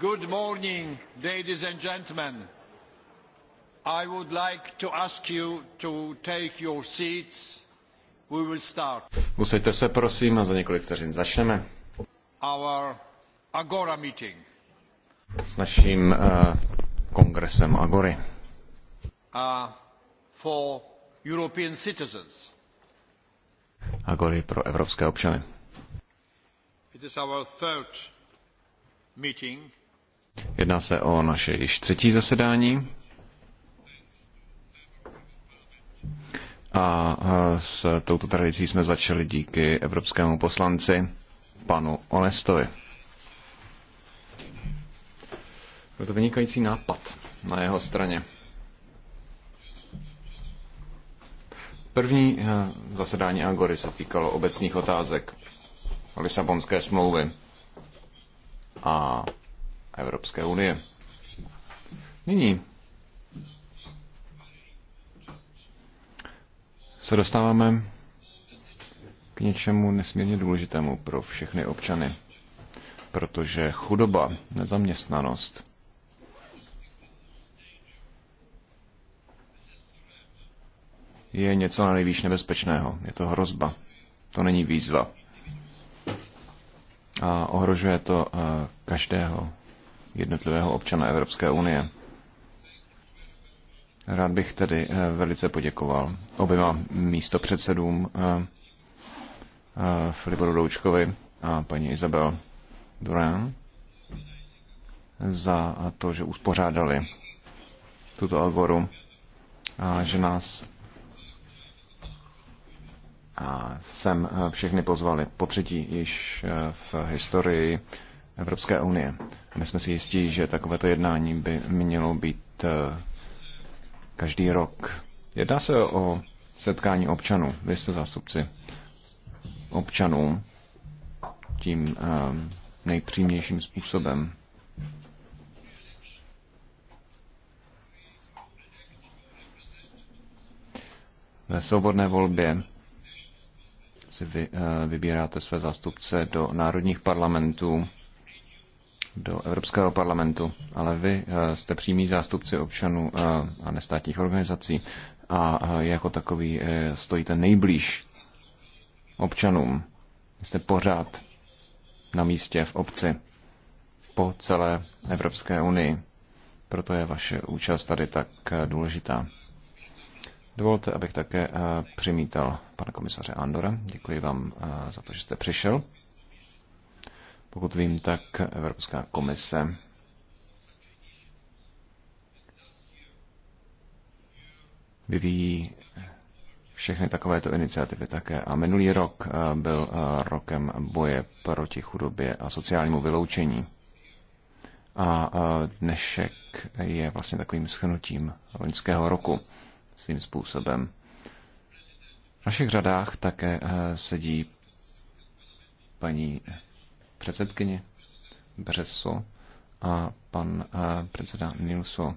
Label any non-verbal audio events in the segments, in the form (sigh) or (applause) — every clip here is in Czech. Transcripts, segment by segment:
Good morning, ladies and gentlemen. I would like to ask you to take your seats. We will start. Musejte se prosím a za několik vteřin začneme. Our Agora meeting. S naším uh, kongresem Agory. Uh, for European citizens. Agory pro evropské občany. It is our third meeting Jedná se o naše již třetí zasedání. A s touto tradicí jsme začali díky evropskému poslanci panu Onestovi. Byl to vynikající nápad na jeho straně. První eh, zasedání Agory se týkalo obecných otázek Lisabonské smlouvy a Evropské unie. Nyní se dostáváme k něčemu nesmírně důležitému pro všechny občany, protože chudoba, nezaměstnanost, je něco na nejvýš nebezpečného. Je to hrozba. To není výzva. A ohrožuje to eh, každého jednotlivého občana Evropské unie. Rád bych tedy eh, velice poděkoval oběma místopředsedům eh, eh, Filiporu Doučkovi a paní Isabel Durán za to, že uspořádali tuto agoru a že nás sem všechny pozvali. Po třetí již v historii Evropské unie. A my jsme si jistí, že takovéto jednání by mělo být eh, každý rok. Jedná se o setkání občanů. Vy jste zástupci občanů tím eh, nejpřímějším způsobem. Ve svobodné volbě si vy, eh, vybíráte své zástupce do národních parlamentů do Evropského parlamentu, ale vy eh, jste přímý zástupci občanů eh, a nestátních organizací a eh, jako takový stojíte nejblíž občanům. Jste pořád na místě v obci po celé Evropské unii. Proto je vaše účast tady tak důležitá. Dovolte, abych také přimítal pana komisaře Andora. Děkuji vám za to, že jste přišel. Pokud vím, tak Evropská komise vyvíjí všechny takovéto iniciativy také. A minulý rok eh, byl eh, rokem boje proti chudobě a sociálnímu vyloučení. A eh, dnešek je vlastně takovým schnutím loňského roku svým způsobem. V našich řadách také sedí paní předsedkyně Breso a pan eh, předseda Nilso,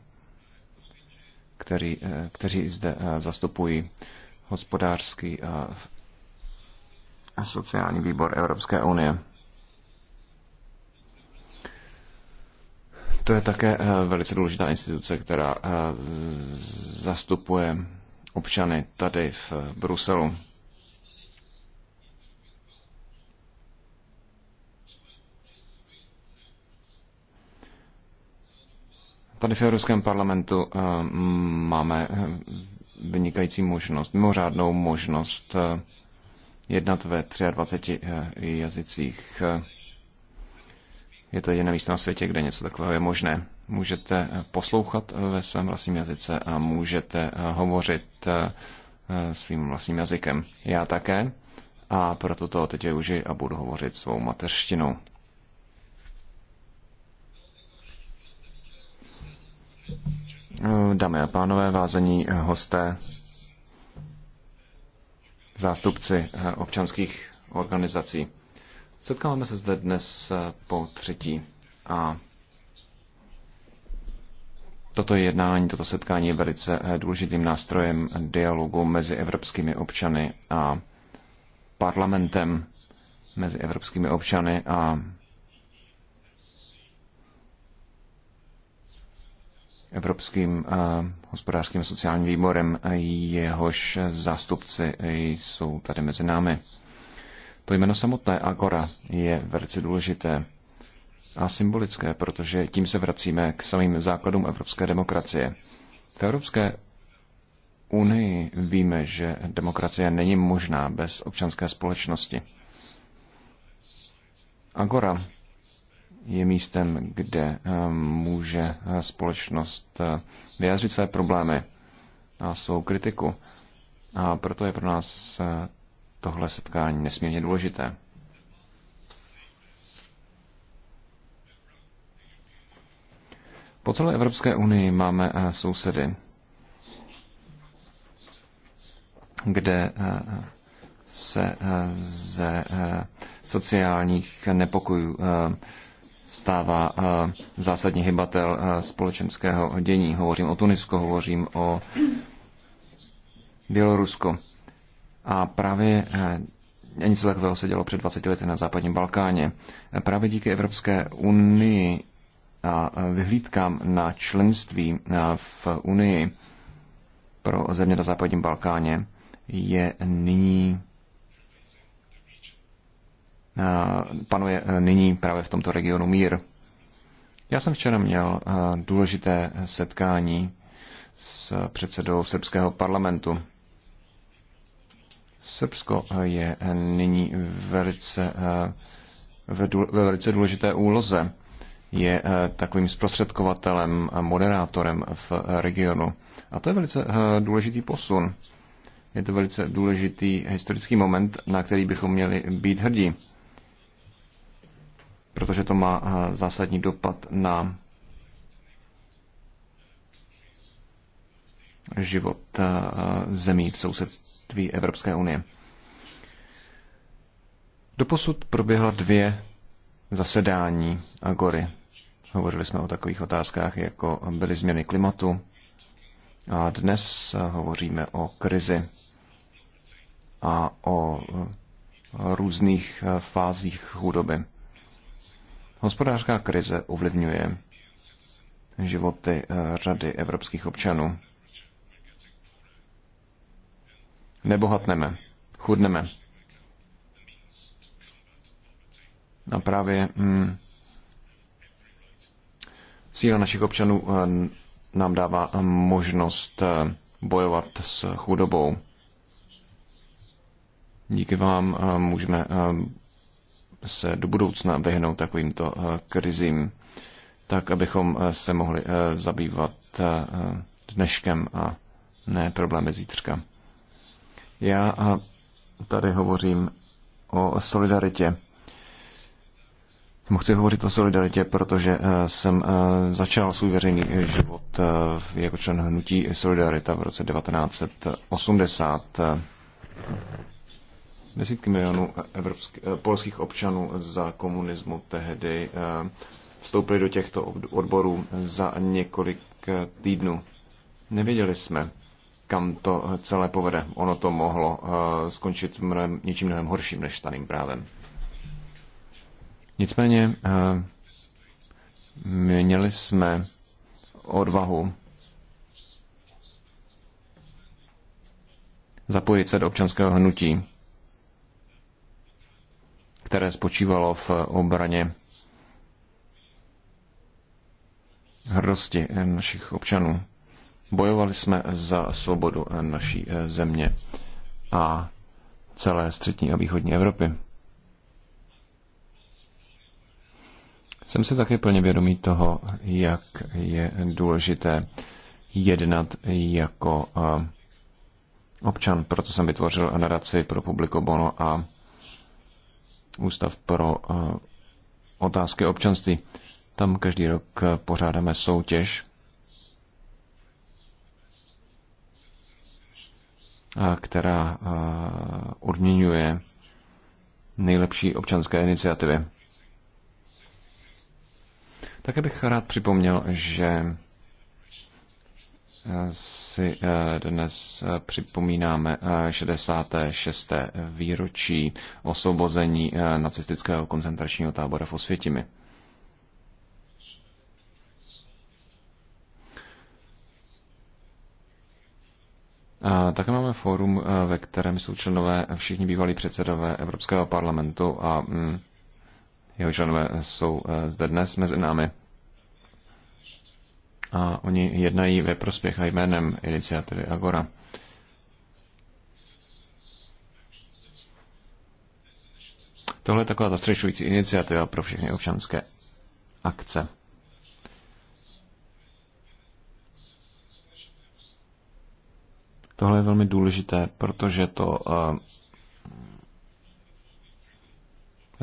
který, eh, kteří zde eh, zastupují hospodářský a sociální výbor Evropské unie. To je také velice důležitá instituce, která zastupuje občany tady v Bruselu. Tady v Evropském parlamentu eh, máme eh, vynikající možnost, mimořádnou možnost eh, jednat ve 23 jazycích. Je to jediné místo na světě, kde něco takového je možné. Můžete poslouchat ve svém vlastním jazyce a můžete hovořit svým vlastním jazykem. Já také a proto to teď využiji a budu hovořit svou mateřštinou. Eh, dámy a pánové, vázení eh, hosté, zástupci eh, občanských organizací. Setkáváme se zde dnes po třetí a toto jednání, toto setkání je velice důležitým nástrojem dialogu mezi evropskými občany a parlamentem, mezi evropskými občany a Evropským eh, hospodářským sociálním výborem, eh, jehož zástupci eh, jsou tady mezi námi. To jméno samotné Agora je velice důležité a symbolické, protože tím se vracíme k samým základům evropské demokracie. V Evropské unii víme, že demokracie není možná bez občanské společnosti. Agora je místem, kde eh, může eh, společnost eh, vyjádřit své problémy a svou kritiku. A proto je pro nás tohle setkání nesmírně důležité. Po celé Evropské unii máme sousedy, kde se ze sociálních nepokojů stává eh, zásadní hybatel eh, společenského dění. Hovořím o Tunisko, hovořím o Bělorusko. A právě eh, něco takového se dělo před 20 lety na západním Balkáně. Právě díky Evropské unii a vyhlídkám na členství v unii pro země na západním Balkáně je nyní Eh, panuje eh, nyní právě v tomto regionu mír. Já jsem včera měl eh, důležité setkání s předsedou srbského parlamentu. Srbsko je nyní velice, ve, velice důležité úloze. Je takovým zprostředkovatelem a moderátorem v regionu. A to je velice důležitý posun. Je to velice důležitý historický moment, na který bychom měli být hrdí protože to má eh, zásadní dopad na život eh, zemí v sousedství Evropské unie. Doposud proběhla dvě zasedání Agory. Hovořili jsme o takových otázkách, jako byly změny klimatu. A dnes eh, hovoříme o krizi a o různých fázích chudoby. Hospodářská krize ovlivňuje životy eh, řady evropských občanů. Nebohatneme, chudneme. A právě hmm, síla našich občanů eh, nám dává eh, možnost bojovat s chudobou. Díky vám můžeme se do budoucna vyhnout takovýmto eh, krizím, tak abychom eh, se mohli eh, zabývat dneškem a ne problémy zítřka. Já tady hovořím o solidaritě. Chci hovořit o solidaritě, protože jsem začal svůj veřejný život jako člen hnutí Solidarita v roce 1980 desítky milionů evropsk- eh, polských občanů za komunismu tehdy eh, vstoupili do těchto odborů za několik eh, týdnů. Nevěděli jsme, kam to celé povede. Ono to mohlo skončit mnohem, něčím mnohem horším než staným právem. Nicméně měli jsme odvahu zapojit se do občanského hnutí které spočívalo v obraně hrdosti našich občanů. Bojovali jsme za svobodu naší země a celé střední a východní Evropy. Jsem si také plně vědomý toho, jak je důležité jednat jako eh, občan. Proto jsem vytvořil nadaci pro publiko Bono a Ústav pro eh, otázky občanství. Tam každý rok eh, pořádáme soutěž, která eh, odměňuje nejlepší občanské iniciativy. Také bych rád připomněl, že si eh, dnes eh, připomínáme 66. Eh, výročí osvobození nacistického koncentračního tábora v Osvětimi. Také máme fórum, ve kterém jsou členové všichni bývalí předsedové Evropského parlamentu a mm, jeho členové jsou zde dnes mezi námi a oni jednají ve prospěch a jménem iniciativy Agora. Tohle je taková zastřešující iniciativa pro všechny občanské akce. Tohle je velmi důležité, protože to uh,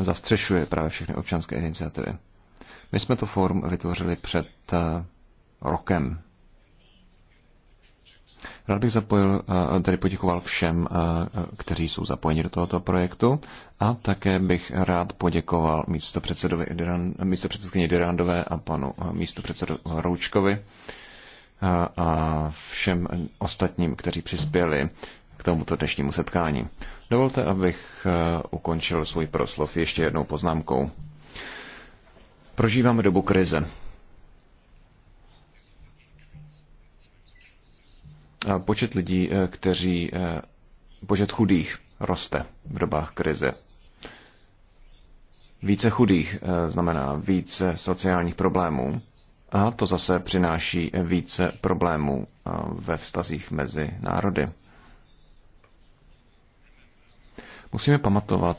zastřešuje právě všechny občanské iniciativy. My jsme to fórum vytvořili před uh, rokem. Rád bych zapojil, tedy poděkoval všem, kteří jsou zapojeni do tohoto projektu a také bych rád poděkoval místopředsedovi Diran, Dirandové a panu předsedu Roučkovi a všem ostatním, kteří přispěli k tomuto dnešnímu setkání. Dovolte, abych ukončil svůj proslov ještě jednou poznámkou. Prožíváme dobu krize. počet lidí, eh, kteří, eh, počet chudých roste v dobách krize. Více chudých eh, znamená více sociálních problémů a to zase přináší více problémů ve vztazích mezi národy. Musíme pamatovat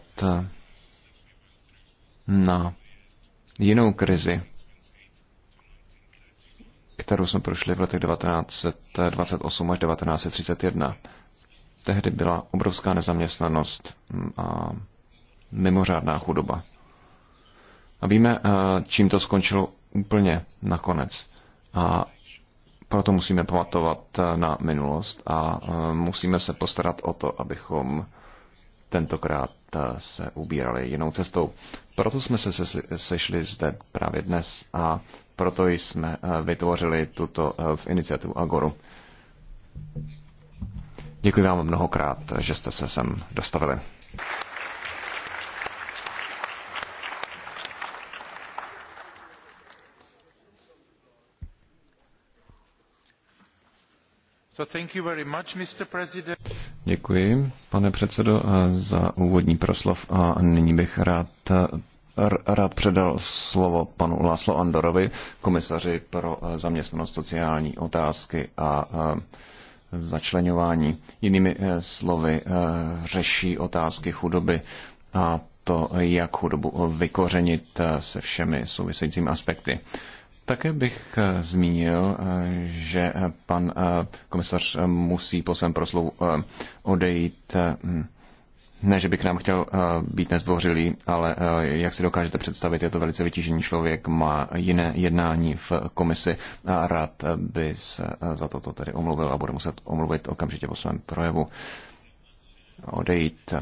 na jinou krizi, kterou jsme prošli v letech 1928 až 1931. Tehdy byla obrovská nezaměstnanost a mimořádná chudoba. A víme, eh, čím to skončilo úplně nakonec. A proto musíme pamatovat eh, na minulost a eh, musíme se postarat o to, abychom tentokrát se ubírali jinou cestou. Proto jsme se sešli zde právě dnes a proto jsme eh, vytvořili tuto eh, v iniciativu Agoru. Děkuji vám mnohokrát, že jste se sem dostavili. Děkuji, pane předsedo, eh, za úvodní proslov a nyní bych rád rád předal slovo panu Láslo Andorovi, komisaři pro eh, zaměstnanost sociální otázky a eh, začlenování. Jinými eh, slovy, řeší otázky chudoby a to, jak chudobu vykořenit se všemi souvisejícími aspekty. Také bych zmínil, že pan komisař musí po svém proslovu odejít ne, že by k nám chtěl eh, být nezdvořilý, ale eh, jak si dokážete představit, je to velice vytížený člověk, má jiné jednání v komisi a rád by se eh, za toto tedy omluvil a bude muset omluvit okamžitě po svém projevu odejít.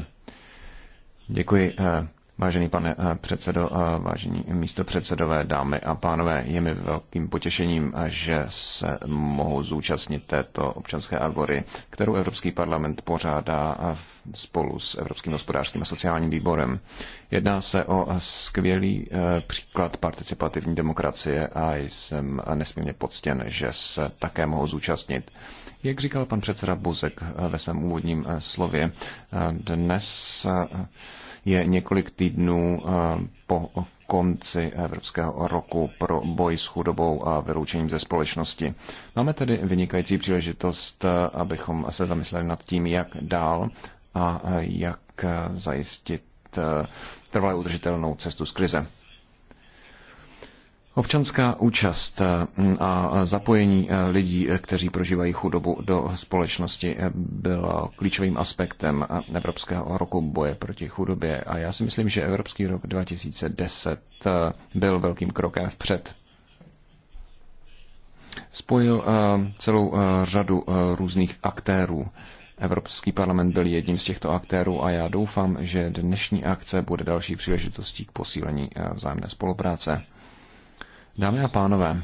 Děkuji. Vážený pane eh, předsedo, eh, vážení místopředsedové, dámy a pánové, je mi velkým potěšením, eh, že se mohu zúčastnit této občanské agory, kterou Evropský parlament pořádá spolu s Evropským hospodářským a sociálním výborem. Jedná se o skvělý příklad participativní demokracie a jsem nesmírně poctěn, že se také mohu zúčastnit. Jak říkal pan předseda Buzek ve svém úvodním slově, dnes je několik týdnů eh, po konci Evropského roku pro boj s chudobou a vyloučením ze společnosti. Máme tedy vynikající příležitost, eh, abychom se zamysleli nad tím, jak dál a eh, jak zajistit trvalé udržitelnou cestu z krize. Občanská účast eh, mm, a zapojení eh, lidí, eh, kteří prožívají chudobu do společnosti, bylo klíčovým aspektem Evropského roku boje proti chudobě. A já si myslím, že Evropský rok 2010 byl velkým krokem vpřed. Spojil celou řadu různých aktérů. Evropský parlament byl jedním z těchto aktérů a já doufám, že dnešní akce bude další příležitostí k posílení vzájemné spolupráce. Dámy a pánové,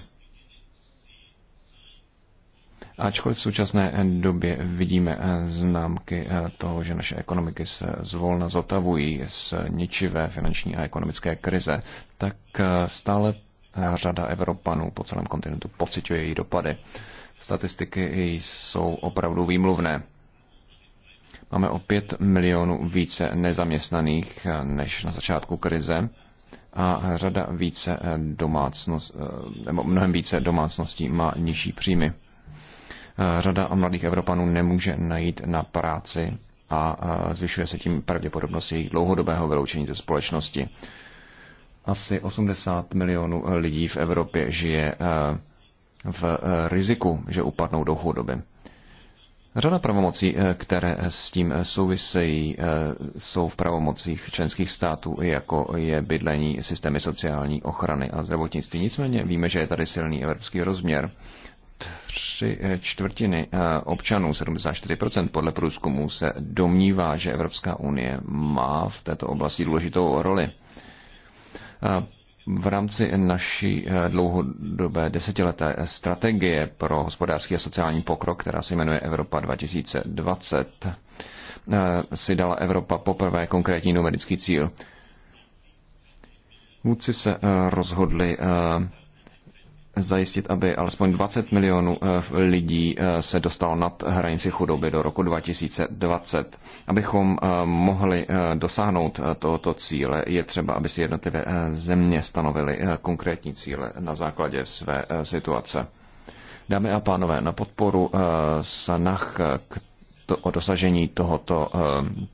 ačkoliv v současné době vidíme eh, známky eh, toho, že naše ekonomiky se zvolna zotavují z ničivé finanční a ekonomické krize, tak eh, stále řada Evropanů po celém kontinentu pociťuje její dopady. Statistiky jsou opravdu výmluvné. Máme o 5 milionů více nezaměstnaných než na začátku krize a řada více eh, domácnost, eh, nebo mnohem více domácností má nižší příjmy. Eh, řada mladých Evropanů nemůže najít na práci a zvyšuje se tím pravděpodobnost jejich dlouhodobého vyloučení ze společnosti. Asi 80 milionů lidí v Evropě žije v riziku, že upadnou do chudoby. Řada pravomocí, eh, které s tím eh, souvisejí, eh, jsou v pravomocích členských států, jako je bydlení, systémy sociální ochrany a zdravotnictví. Nicméně víme, že je tady silný evropský rozměr. Tři čtvrtiny občanů, 74% podle průzkumu, se domnívá, že Evropská unie má v této oblasti důležitou roli v rámci naší eh, dlouhodobé desetileté strategie pro hospodářský a sociální pokrok, která se jmenuje Evropa 2020, eh, si dala Evropa poprvé konkrétní numerický cíl. Vůdci se eh, rozhodli zajistit, aby alespoň 20 milionů eh, lidí eh, se dostalo nad hranici chudoby do roku 2020. Abychom eh, mohli dosáhnout tohoto cíle, je třeba, aby si jednotlivé země stanovily konkrétní cíle na základě své situace. Dámy a pánové, na podporu snah, to, o dosažení tohoto eh,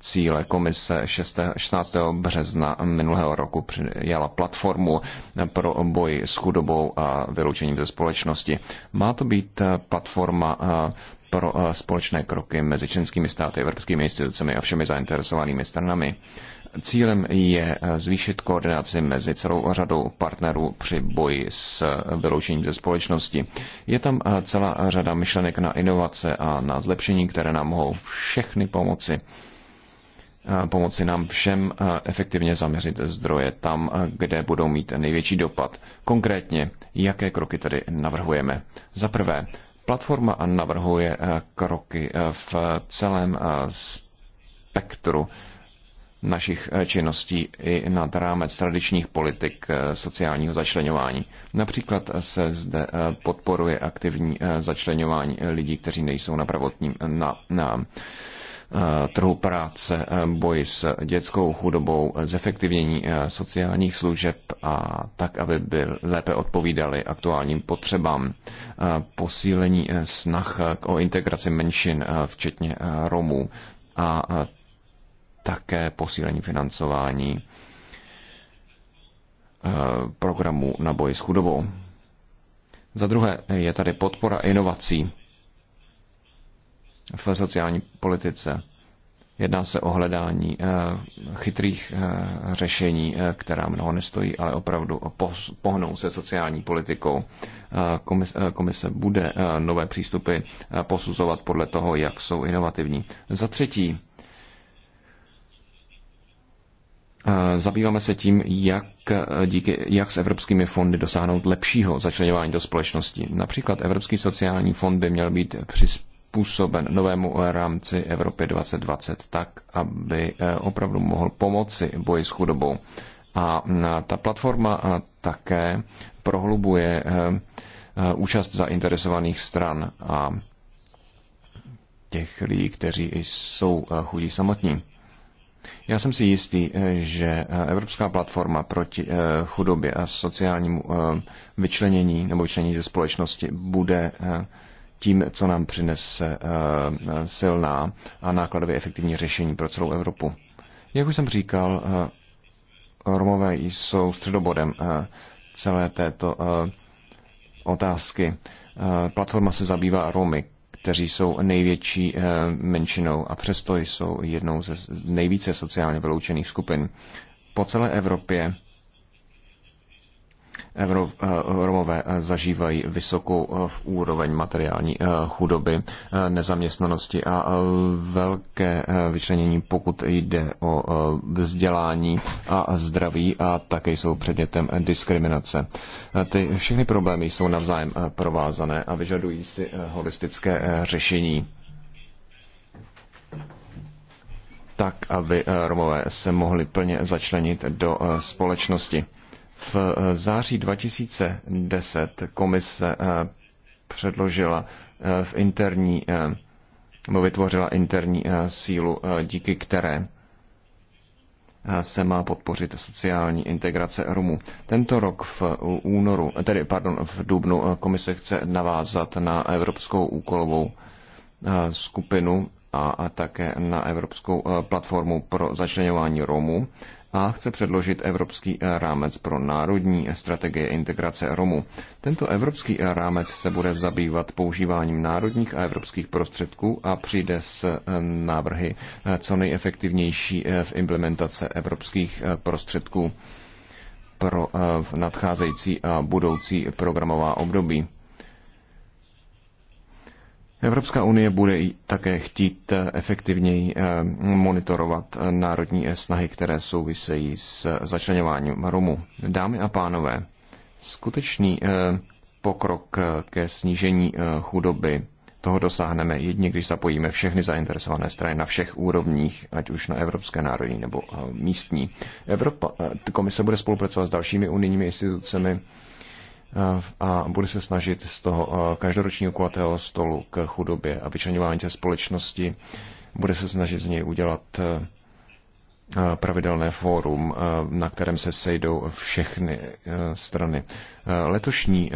cíle komise 6, 16. března minulého roku přijala platformu pro boj s chudobou a vyloučením ze společnosti. Má to být eh, platforma eh, pro společné kroky mezi členskými státy, evropskými institucemi a všemi zainteresovanými stranami. Cílem je eh, zvýšit koordinaci mezi celou řadou partnerů při boji s eh, vyloučením ze společnosti. Je tam eh, celá řada myšlenek na inovace a na zlepšení, které nám mohou všechny pomoci pomoci nám všem efektivně zaměřit zdroje tam, kde budou mít největší dopad. Konkrétně, jaké kroky tedy navrhujeme? Za prvé, platforma navrhuje kroky v celém spektru našich eh, činností i nad rámec tradičních politik eh, sociálního začlenování. Například se zde eh, podporuje aktivní začlenování lidí, kteří nejsou na pravotním na, na trhu práce, boj s dětskou chudobou, zefektivnění sociálních služeb a tak, aby by lépe odpovídali aktuálním potřebám, posílení snah o integraci menšin, včetně Romů a také posílení financování eh, programu na boji s chudobou. Za druhé je tady podpora inovací v sociální politice. Jedná se o hledání eh, chytrých eh, řešení, která mnoho nestojí, ale opravdu pohnou se sociální politikou. Komise, komise bude nové přístupy posuzovat podle toho, jak jsou inovativní. Za třetí, Zabýváme se tím, jak, e, díky, jak s evropskými fondy dosáhnout lepšího začlenování do společnosti. Například Evropský sociální fond by měl být přizpůsoben novému rámci Evropy 2020 tak, aby e, opravdu mohl pomoci boji s chudobou. A ta platforma také prohlubuje e, účast zainteresovaných stran a těch lidí, kteří jsou chudí samotní. Já jsem si jistý, eh, že eh, Evropská platforma proti eh, chudobě a sociálnímu vyčlenění nebo vyčlenění ze společnosti bude tím, co nám přinese silná a nákladově efektivní řešení pro celou Evropu. Jak už jsem říkal, Romové jsou středobodem celé této otázky. Platforma se zabývá Romy kteří jsou největší eh, menšinou a přesto jsou jednou ze nejvíce sociálně vyloučených skupin. Po celé Evropě Eh, Romové eh, zažívají vysokou eh, úroveň materiální chudoby, nezaměstnanosti a velké vyčlenění, pokud jde o vzdělání a zdraví a také jsou předmětem diskriminace. Ty všechny problémy jsou navzájem provázané a vyžadují si holistické řešení tak, aby Romové se mohli plně začlenit do společnosti. V eh, září 2010 komise eh, předložila eh, v interní, nebo vytvořila interní sílu, díky které se má podpořit sociální integrace Rumů. Tento rok v únoru, tedy pardon, v dubnu komise chce navázat na evropskou úkolovou skupinu a, a také na Evropskou platformu pro začlenování Romů a chce předložit evropský eh, rámec pro národní strategie integrace Romů. Tento evropský eh, rámec se bude zabývat používáním národních a evropských prostředků a přijde s eh, návrhy co nejefektivnější v implementace evropských prostředků pro nadcházející a budoucí programová období. Evropská unie bude také chtít eh, efektivněji eh, monitorovat eh, národní snahy, které souvisejí s začlenováním Romů. Dámy a pánové, skutečný pokrok ke snížení chudoby toho dosáhneme jedině, když zapojíme všechny zainteresované strany na všech úrovních, ať už na evropské, národní nebo místní. Evropa, komise bude spolupracovat s dalšími unijními institucemi, a bude se snažit z toho eh, každoročního kulatého stolu k chudobě a vyčlenování ze společnosti, bude se snažit z něj udělat eh, eh, pravidelné fórum, na kterém se sejdou všechny strany. Letošní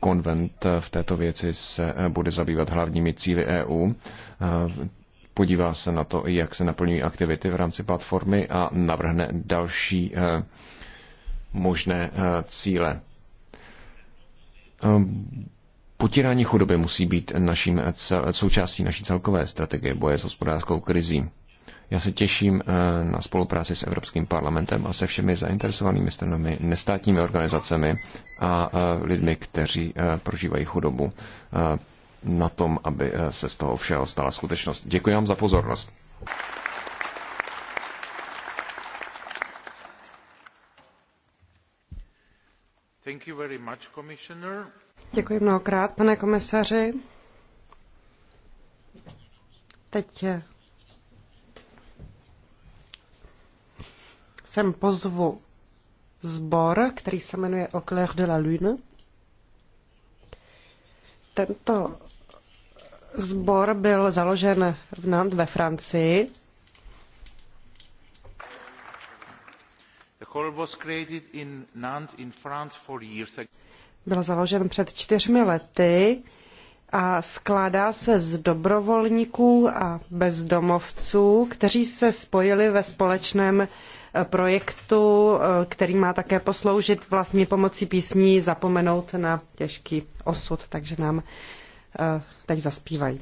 konvent v této věci se bude zabývat hlavními cíly EU. Podívá se na to, jak se naplňují aktivity v rámci platformy a navrhne další možné eh, cíle. Eh, potírání chudoby musí být naším, eh, součástí naší celkové strategie boje s hospodářskou krizí. Já se těším na spolupráci s Evropským parlamentem a se všemi zainteresovanými stranami, nestátními organizacemi a lidmi, kteří prožívají chudobu na tom, aby se z toho všeho stala skutečnost. Děkuji vám za pozornost. Děkuji mnohokrát, pane komisaři. Teď eh, sem pozvu sbor, který se jmenuje Au clair de la Lune. Tento sbor byl založen v Nantes ve Francii Byl založen před čtyřmi lety a skládá se z dobrovolníků a bezdomovců, kteří se spojili ve společném eh, projektu, eh, který má také posloužit vlastně pomocí písní zapomenout na těžký osud, takže nám eh, teď zaspívají.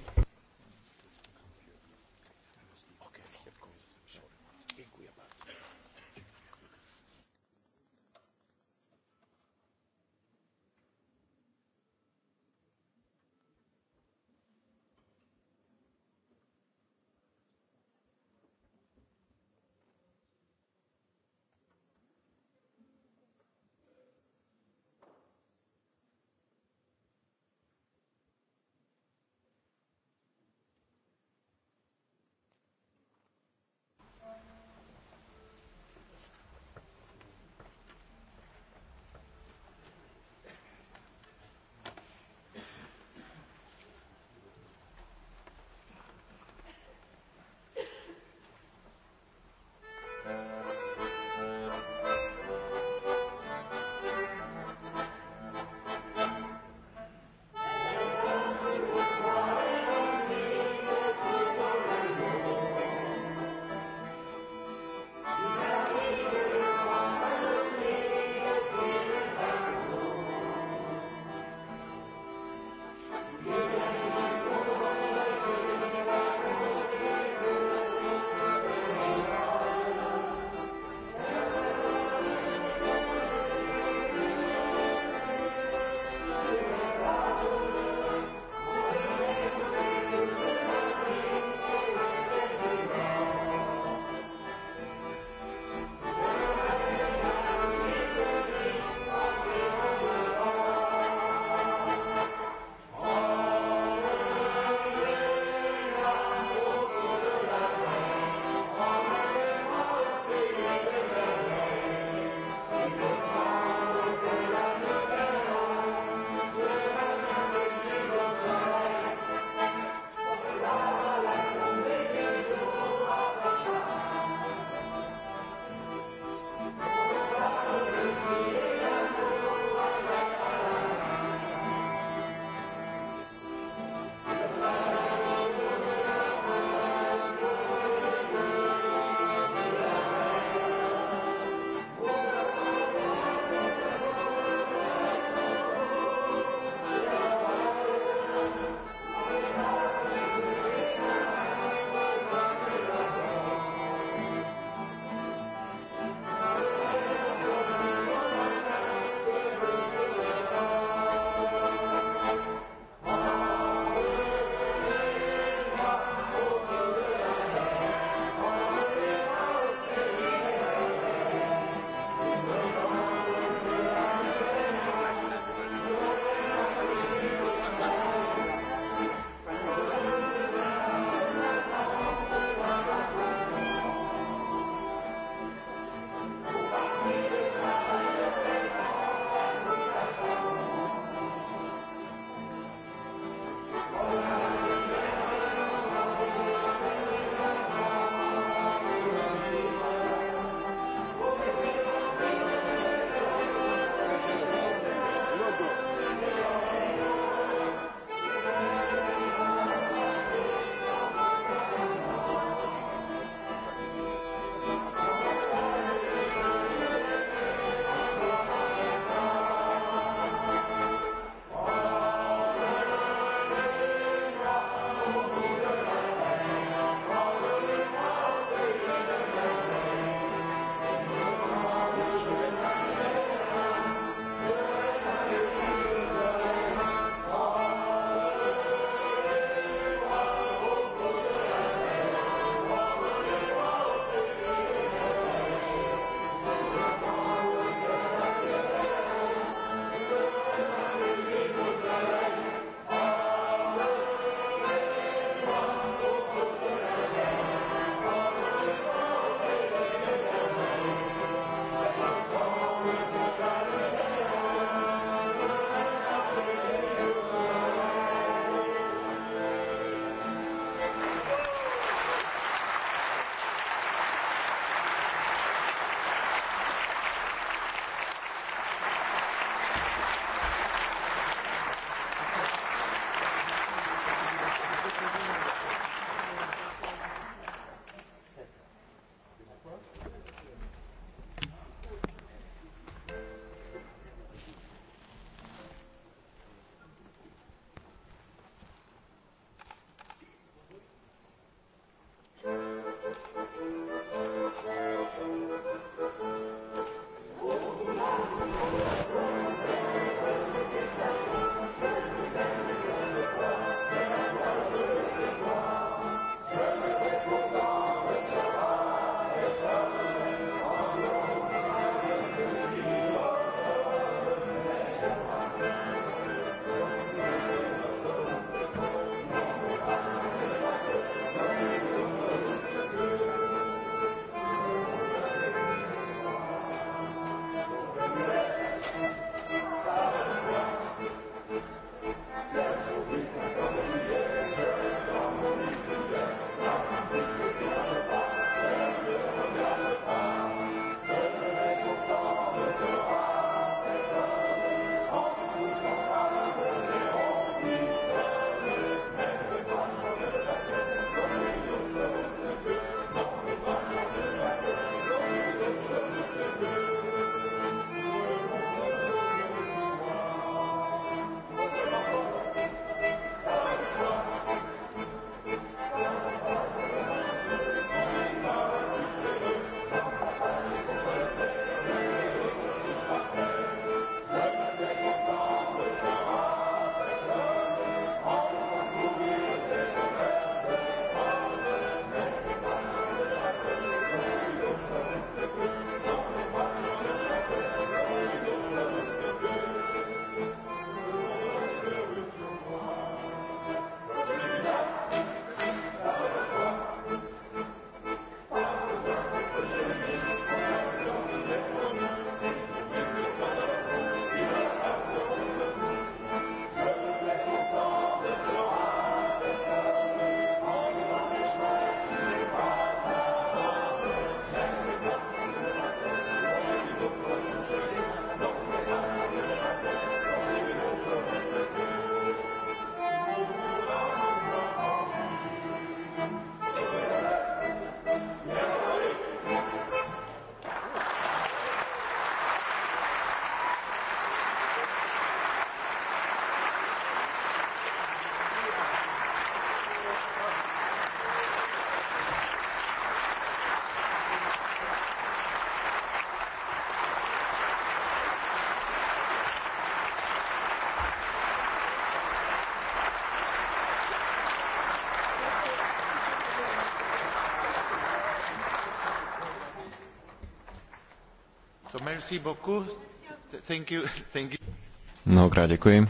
Mnohokrát děkuji.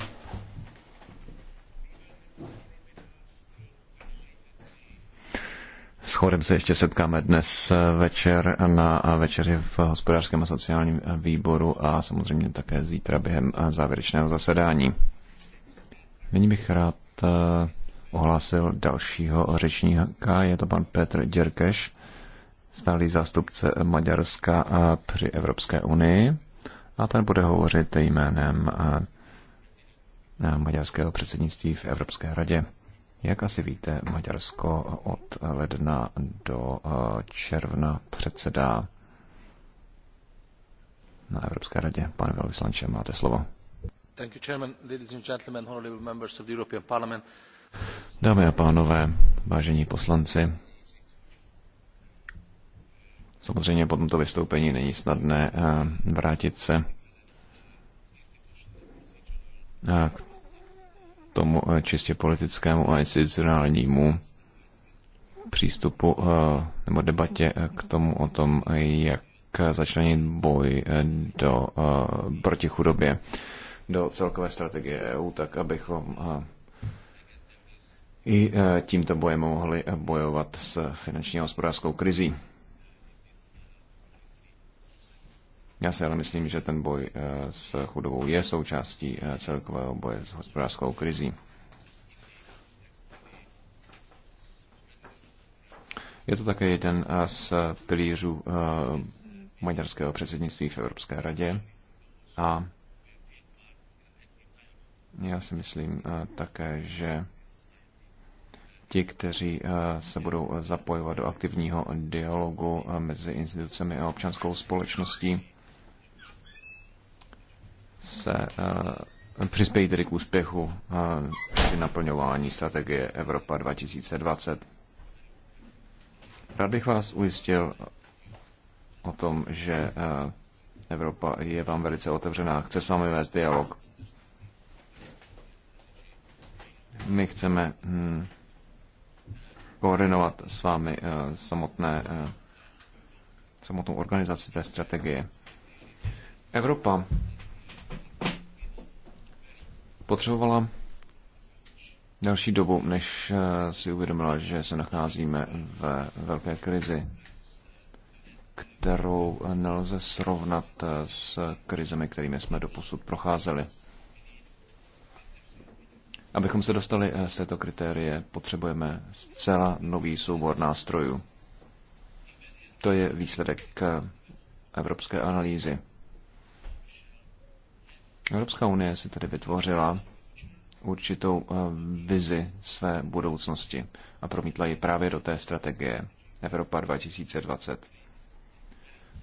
S chorem se ještě setkáme dnes večer na večeři v hospodářském a sociálním výboru a samozřejmě také zítra během závěrečného zasedání. Nyní bych rád eh, ohlásil dalšího řečníka, je to pan Petr Děrkeš stálý zástupce Maďarska při Evropské unii a ten bude hovořit jménem maďarského předsednictví v Evropské radě. Jak asi víte, Maďarsko od ledna do června předsedá na Evropské radě. Pane velvyslanče, máte slovo. Dámy a pánové, vážení poslanci, Samozřejmě po tomto vystoupení není snadné eh, vrátit se eh, k tomu eh, čistě politickému a institucionálnímu přístupu nebo debatě k tomu o tom, jak začlenit boj do, proti chudobě do celkové strategie EU, tak abychom i tímto bojem mohli bojovat s finanční a hospodářskou krizí. Já si ale myslím, že ten boj eh, s chudobou je součástí eh, celkového boje s hospodářskou krizí. Je to také jeden eh, z pilířů maďarského předsednictví v Evropské radě a já si myslím také, že ti, kteří se budou zapojovat do aktivního dialogu mezi institucemi a občanskou společností, se eh, přispějí tedy k úspěchu eh, při naplňování strategie Evropa 2020. Rád bych vás ujistil o tom, že eh, Evropa je vám velice otevřená, chce s vámi vést dialog. My chceme hm, koordinovat s vámi samotné, samotnou organizaci té strategie. Evropa potřebovala další dobu, než eh, si uvědomila, že se nacházíme v velké krizi, kterou nelze srovnat eh, s krizemi, kterými jsme doposud procházeli. Abychom se dostali eh, z této kritérie, potřebujeme zcela nový soubor nástrojů. To je výsledek evropské analýzy. Evropská unie si tedy vytvořila určitou eh, vizi své budoucnosti a promítla ji právě do té strategie Evropa 2020.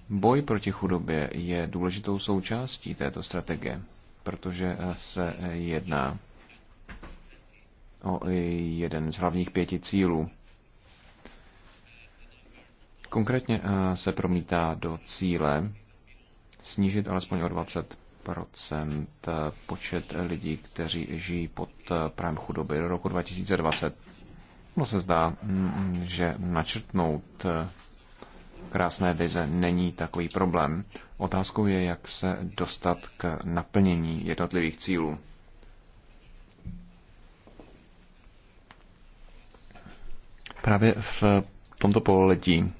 Boj proti chudobě je důležitou součástí této strategie, protože eh, se eh, jedná o jeden z hlavních pěti cílů. Konkrétně se promítá do cíle snížit alespoň o 20 Eh, počet lidí, kteří žijí pod eh, prahem chudoby do roku 2020. No se zdá, mm, mm, že načrtnout eh, krásné vize není takový problém. Otázkou je, jak se dostat k naplnění jednotlivých cílů. Právě v tomto pololetí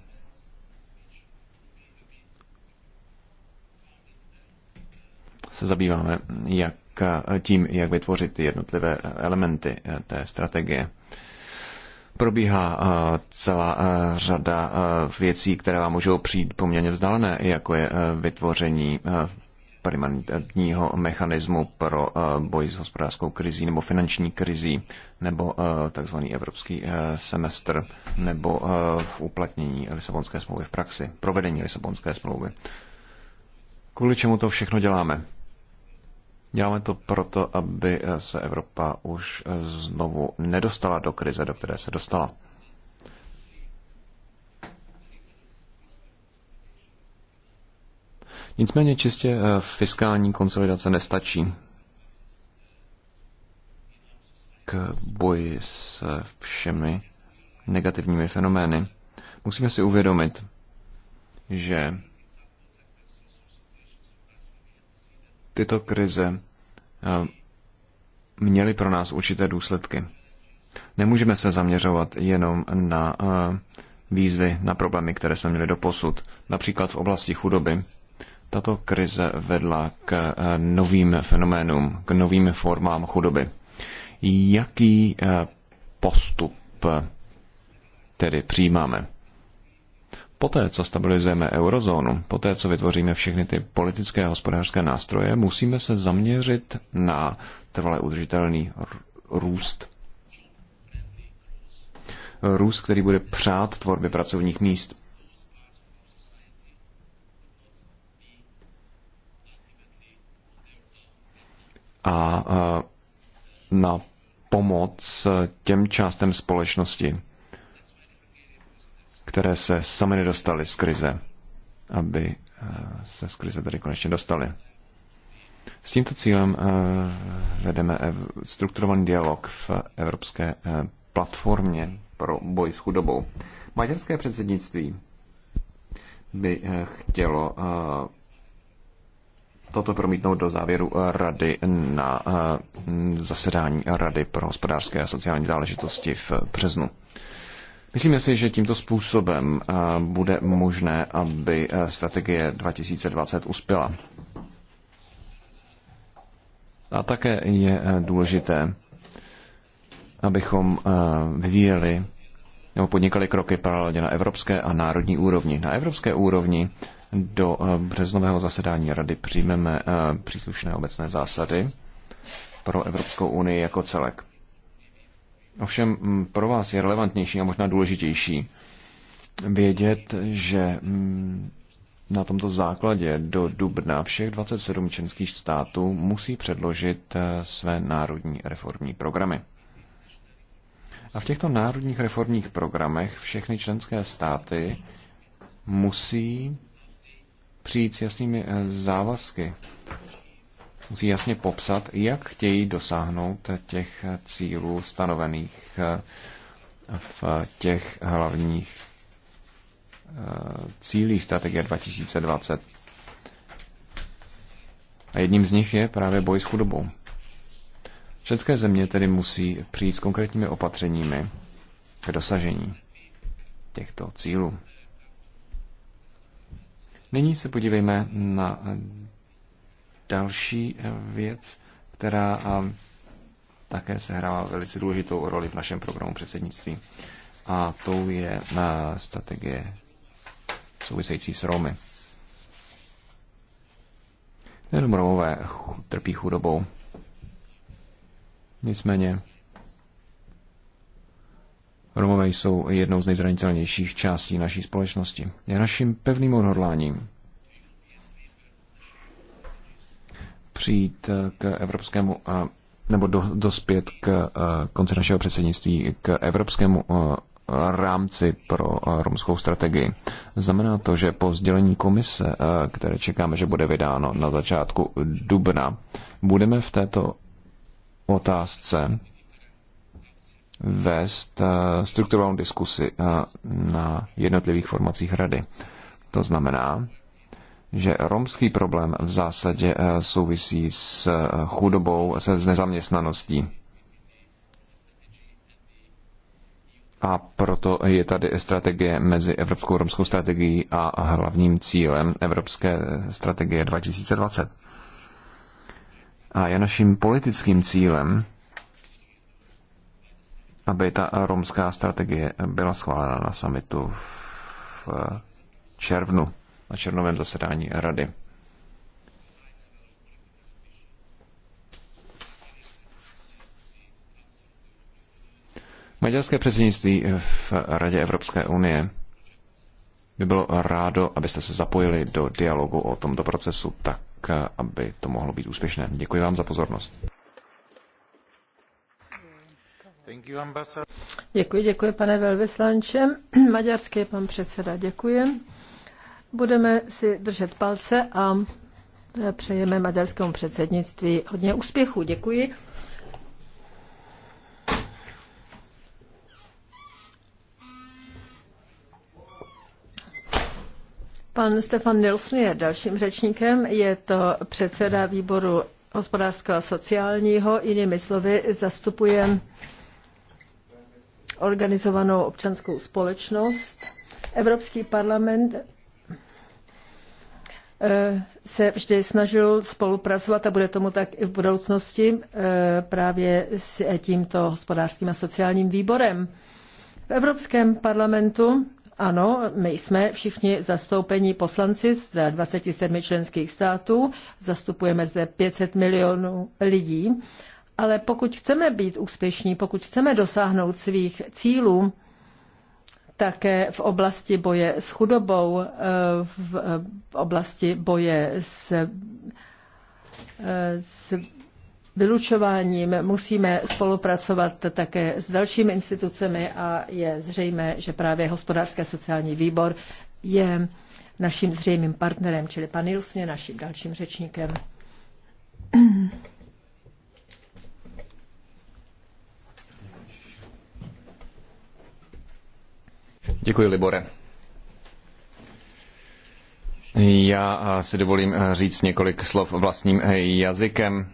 se zabýváme jak eh, tím, jak vytvořit jednotlivé eh, elementy eh, té strategie. Probíhá celá řada věcí, které vám můžou přijít poměrně vzdálené, jako je vytvoření primárního mechanismu pro boj s hospodářskou krizí nebo finanční krizí, nebo takzvaný evropský semestr, nebo v uplatnění Lisabonské smlouvy v praxi, provedení Lisabonské smlouvy. Kvůli čemu to všechno děláme? Děláme to proto, aby se Evropa už znovu nedostala do krize, do které se dostala. Nicméně čistě eh, fiskální konsolidace nestačí k boji s všemi negativními fenomény. Musíme si uvědomit, že tyto krize eh, měly pro nás určité důsledky. Nemůžeme se zaměřovat jenom na eh, výzvy, na problémy, které jsme měli do posud, například v oblasti chudoby. Tato krize vedla k eh, novým fenoménům, k novým formám chudoby. Jaký postup tedy přijímáme? Poté, co stabilizujeme eurozónu, poté, co vytvoříme všechny ty politické a hospodářské nástroje, musíme se zaměřit na trvale udržitelný růst. Růst, který bude přát tvorbě pracovních míst. A na pomoc těm částem společnosti, které se sami nedostaly z krize, aby eh, se z krize tady konečně dostali. S tímto cílem eh, vedeme strukturovaný dialog v Evropské eh, platformě pro boj s chudobou. Maďarské předsednictví by chtělo toto promítnout do závěru rady na zasedání Rady pro hospodářské a sociální záležitosti v březnu. Myslíme si, že tímto způsobem eh, bude možné, aby eh, strategie 2020 uspěla. A také je eh, důležité, abychom vyvíjeli nebo podnikali kroky paralelně na evropské a národní úrovni. Na evropské úrovni do březnového zasedání Rady přijmeme příslušné obecné zásady pro Evropskou unii jako celek. Ovšem mm, pro vás je relevantnější a možná důležitější vědět, že mm, na tomto základě do dubna všech 27 členských států musí předložit eh, své národní reformní programy. A v těchto národních reformních programech všechny členské státy musí přijít s jasnými eh, závazky musí jasně popsat, jak chtějí dosáhnout těch cílů stanovených eh, v těch hlavních eh, cílích strategie 2020. A jedním z nich je právě boj s chudobou. České země tedy musí přijít s konkrétními opatřeními k dosažení těchto cílů. Nyní se podívejme na další eh, věc, která ehm, také se sehrává velice důležitou roli v našem programu předsednictví. A tou je na eh, strategie související s Romy. Nejenom Romové trpí chudobou. Nicméně Romové jsou jednou z nejzranitelnějších částí naší společnosti. Je naším pevným odhodláním přijít eh, k evropskému eh, nebo do, dospět k eh, konci našeho předsednictví k evropskému rámci pro romskou strategii. Znamená to, že po sdělení komise, které čekáme, že bude vydáno na začátku dubna, budeme v této otázce vést strukturovanou diskusi na jednotlivých formacích rady. To znamená, že romský problém v zásadě eh, souvisí s eh, chudobou, se s nezaměstnaností. A proto je tady strategie mezi Evropskou romskou strategií a hlavním cílem Evropské eh, strategie 2020. A je naším politickým cílem, aby ta romská strategie byla schválena na samitu v červnu na černovém zasedání rady. Maďarské předsednictví v Radě Evropské unie by bylo rádo, abyste se zapojili do dialogu o tomto procesu tak, aby to mohlo být úspěšné. Děkuji vám za pozornost. Děkuji, děkuji, pane velvyslanče. (clears throat) Maďarský pan předseda, děkuji. Budeme si držet palce a e, přejeme maďarskému předsednictví hodně úspěchů. Děkuji. Pan Stefan Nilsson je dalším řečníkem, je to předseda výboru hospodářského a sociálního, jinými slovy zastupuje organizovanou občanskou společnost. Evropský parlament Eh, se vždy snažil spolupracovat a bude tomu tak i v budoucnosti eh, právě s eh, tímto hospodářským a sociálním výborem. V Evropském parlamentu ano, my jsme všichni zastoupení poslanci z 27 členských států, zastupujeme zde 500 milionů lidí, ale pokud chceme být úspěšní, pokud chceme dosáhnout svých cílů, také v oblasti boje s chudobou, eh, eh, v oblasti boje s, eh, s vylučováním. Musíme spolupracovat také s dalšími institucemi a je zřejmé, že právě hospodářský sociální výbor je naším zřejmým partnerem, čili pan Nilsně, naším dalším řečníkem. Děkuji, Libore. Já eh, si dovolím eh, říct několik slov vlastním eh, jazykem,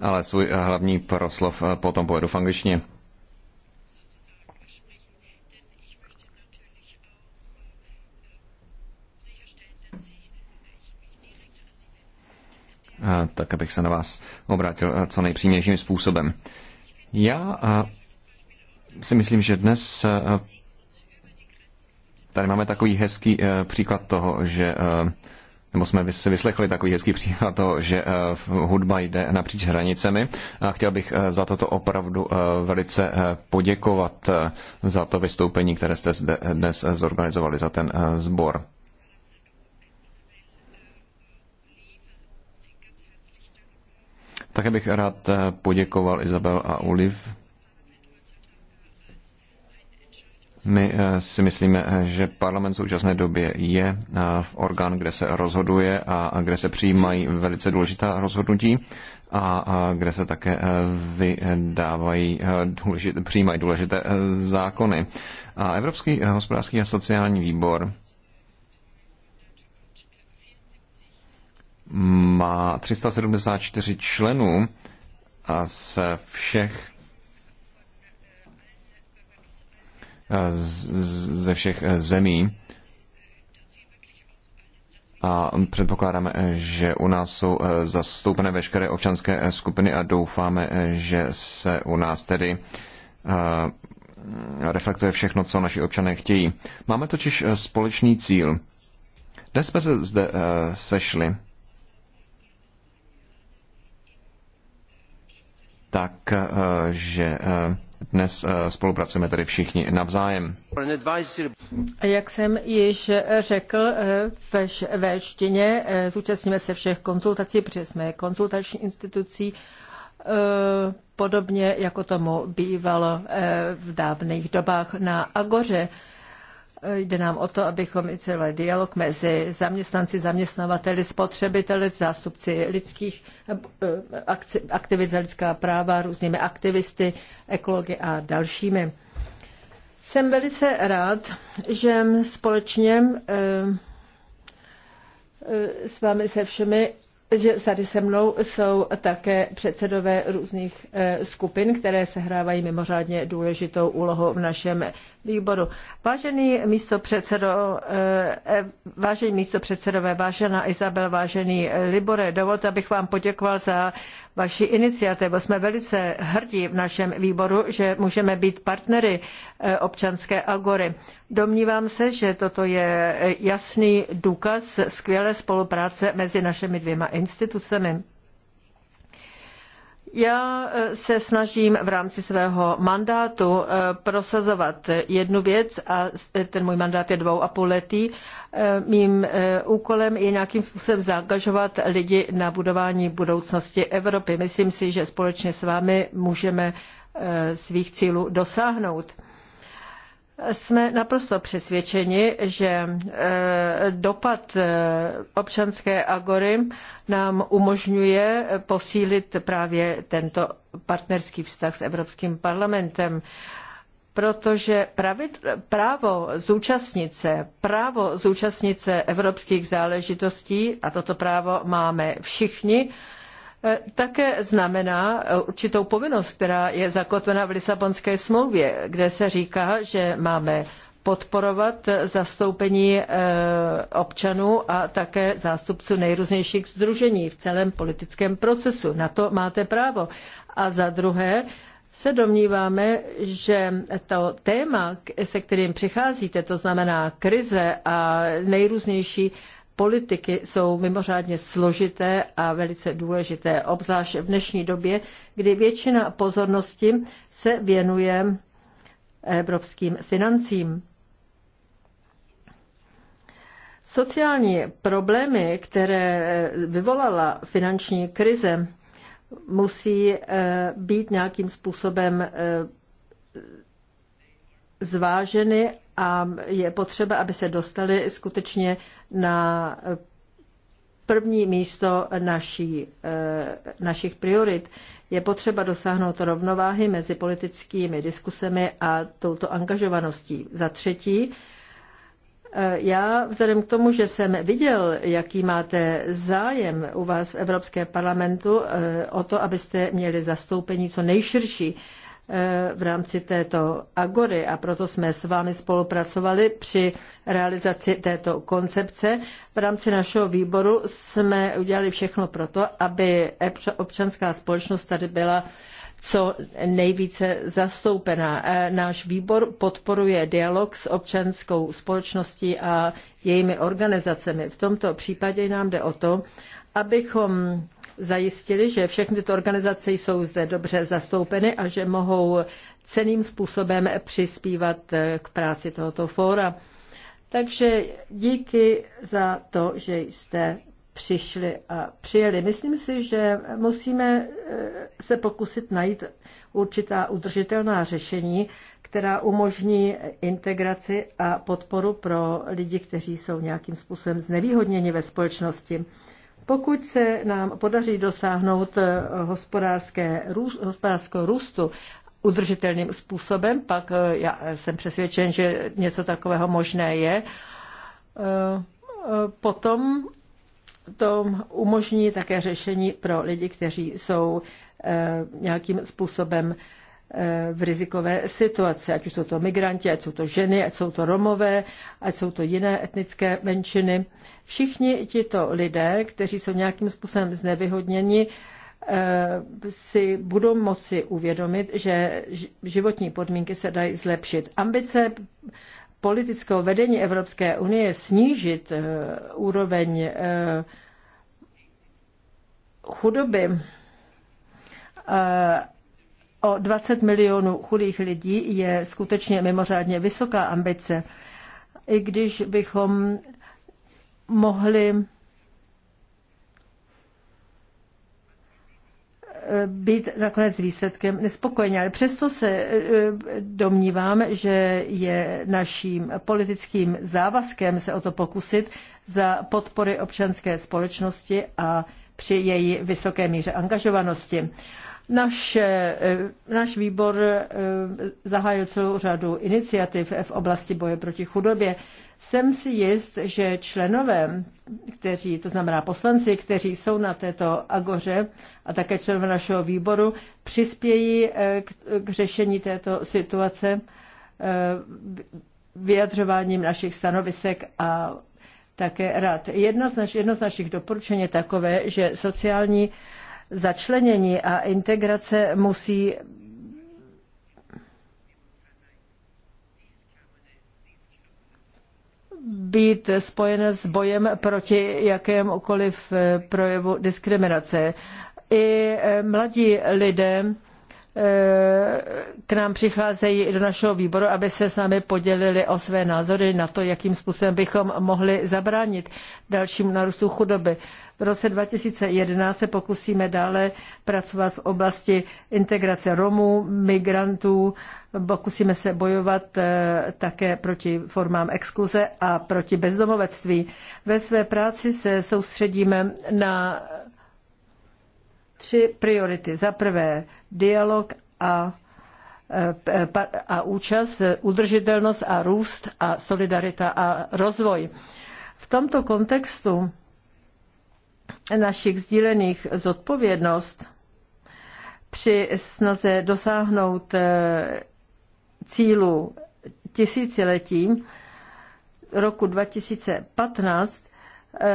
ale svůj hlavní proslov potom pojedu v angličtině. tak abych se na vás obrátil co nejpřímějším způsobem. Já si myslím, že dnes eh, tady máme takový hezký eh, příklad toho, že eh, nebo jsme si vyslechli takový hezký příklad toho, že hudba jde napříč hranicemi a chtěl bych za toto opravdu velice poděkovat za to vystoupení, které jste zde dnes zorganizovali za ten sbor. Také bych rád poděkoval Izabel a Uliv My eh, si myslíme, eh, že parlament v současné době je eh, orgán, kde se rozhoduje a kde se přijímají velice důležitá rozhodnutí a kde se také vydávají, důležité, přijímají důležité zákony. A Evropský hospodářský a sociální výbor má 374 členů a se všech Eh, ze všech eh, zemí. A předpokládáme, eh, že u nás jsou zastoupené veškeré občanské skupiny a doufáme, že se u nás tedy reflektuje všechno, co naši občané chtějí. Máme totiž společný cíl. Dnes jsme se zde sešli. tak, že dnes eh, spolupracujeme tedy všichni navzájem. Jak jsem již řekl eh, ve švédštině, eh, zúčastníme se všech konzultací, protože jsme konzultační institucí, podobně jako tomu bývalo v dávných dobách na Agoře. Jde nám o to, abychom i celý dialog mezi zaměstnanci, zaměstnavateli, spotřebiteli, zástupci lidských eh, aktivit za lidská práva, různými aktivisty, ekology a dalšími. Jsem velice rád, že společně eh, eh, s vámi se všemi že tady se mnou jsou také předsedové různých eh, skupin, které sehrávají mimořádně důležitou úlohu v našem výboru. Vážený místo předsedo, eh, eh, vážený místo předsedové, vážená Izabel, vážený Libore, dovolte, abych vám poděkoval za vaši iniciativu. Jsme velice hrdí v našem výboru, že můžeme být partnery eh, občanské agory. Domnívám se, že toto je eh, jasný důkaz skvělé spolupráce mezi našimi dvěma institucemi. Já e, se snažím v rámci svého mandátu e, prosazovat jednu věc a e, ten můj mandát je dvou a půl letý. Mým úkolem je nějakým způsobem zaangažovat lidi na budování budoucnosti Evropy. Myslím si, že společně s vámi můžeme svých cílů dosáhnout. Jsme naprosto přesvědčeni, že eh, dopad eh, občanské agory nám umožňuje posílit právě tento partnerský vztah s Evropským parlamentem protože pravid, právo zúčastnit se, právo zúčastnit se evropských záležitostí, a toto právo máme všichni, E, také znamená e, určitou povinnost, která je zakotvena v Lisabonské smlouvě, kde se říká, že máme podporovat zastoupení e, občanů a také zástupců nejrůznějších združení v celém politickém procesu. Na to máte právo. A za druhé, se domníváme, že to téma, se kterým přicházíte, to znamená krize a nejrůznější politiky jsou mimořádně složité a velice důležité, obzvlášť v dnešní době, kdy většina pozornosti se věnuje evropským financím. Sociální problémy, které vyvolala finanční krize, musí eh, být nějakým způsobem eh, zváženy a je potřeba, aby se dostali skutečně na první místo naší, eh, našich priorit. Je potřeba dosáhnout rovnováhy mezi politickými diskusemi a touto angažovaností. Za třetí, eh, já vzhledem k tomu, že jsem viděl, jaký máte zájem u vás v Evropském parlamentu eh, o to, abyste měli zastoupení co nejširší Eh, v rámci této agory a proto jsme s vámi spolupracovali při realizaci této koncepce. V rámci našeho výboru jsme udělali všechno proto, aby občanská společnost tady byla co nejvíce zastoupená. Eh, náš výbor podporuje dialog s občanskou společností a jejími organizacemi. V tomto případě nám jde o to, abychom zajistili, že všechny tyto organizace jsou zde dobře zastoupeny a že mohou ceným způsobem přispívat eh, k práci tohoto fóra. Takže díky za to, že jste přišli a přijeli. Myslím si, že musíme eh, se pokusit najít určitá udržitelná řešení, která umožní integraci a podporu pro lidi, kteří jsou nějakým způsobem znevýhodněni ve společnosti. Pokud se nám podaří dosáhnout eh, hospodářské hospodářského růstu udržitelným způsobem, pak eh, já jsem přesvědčen, že něco takového možné je, eh, potom to umožní také řešení pro lidi, kteří jsou nějakým způsobem v rizikové situaci, ať už jsou to migranti, ať jsou to ženy, ať jsou to romové, ať jsou to jiné etnické menšiny. Všichni tito lidé, kteří jsou nějakým způsobem znevyhodněni, eh, si budou moci uvědomit, že životní podmínky se dají zlepšit. Ambice politického vedení Evropské unie snížit eh, úroveň eh, chudoby o 20 milionů chudých lidí je skutečně mimořádně vysoká ambice. I když bychom mohli eh, být nakonec výsledkem nespokojení. Ale přesto se eh, domnívám, že je naším politickým závazkem se o to pokusit za podpory občanské společnosti a při její vysoké míře angažovanosti. Naše, eh, náš výbor eh, zahájil celou řadu iniciativ v oblasti boje proti chudobě. Jsem si jist, že členové, kteří, to znamená poslanci, kteří jsou na této agoře a také členové našeho výboru, přispějí eh, k, k řešení této situace vyjadřováním našich stanovisek a také rad. Jedno z naš, jedno z našich doporučení je takové, že sociální začlenění a integrace musí být spojené s bojem proti jakémukoliv eh, projevu diskriminace. I eh, mladí lidé eh, k nám přicházejí do našeho výboru, aby se s námi podělili o své názory na to, jakým způsobem bychom mohli zabránit dalšímu narůstu chudoby. V roce 2011 se pokusíme dále pracovat v oblasti integrace Romů, migrantů, pokusíme se bojovat eh, také proti formám exkluze a proti bezdomovectví. Ve své práci se soustředíme na tři priority. Za prvé dialog a eh, a účast, udržitelnost a růst a solidarita a rozvoj. V tomto kontextu našich sdílených zodpovědnost při snaze dosáhnout eh, cílu tisíciletí roku 2015 eh,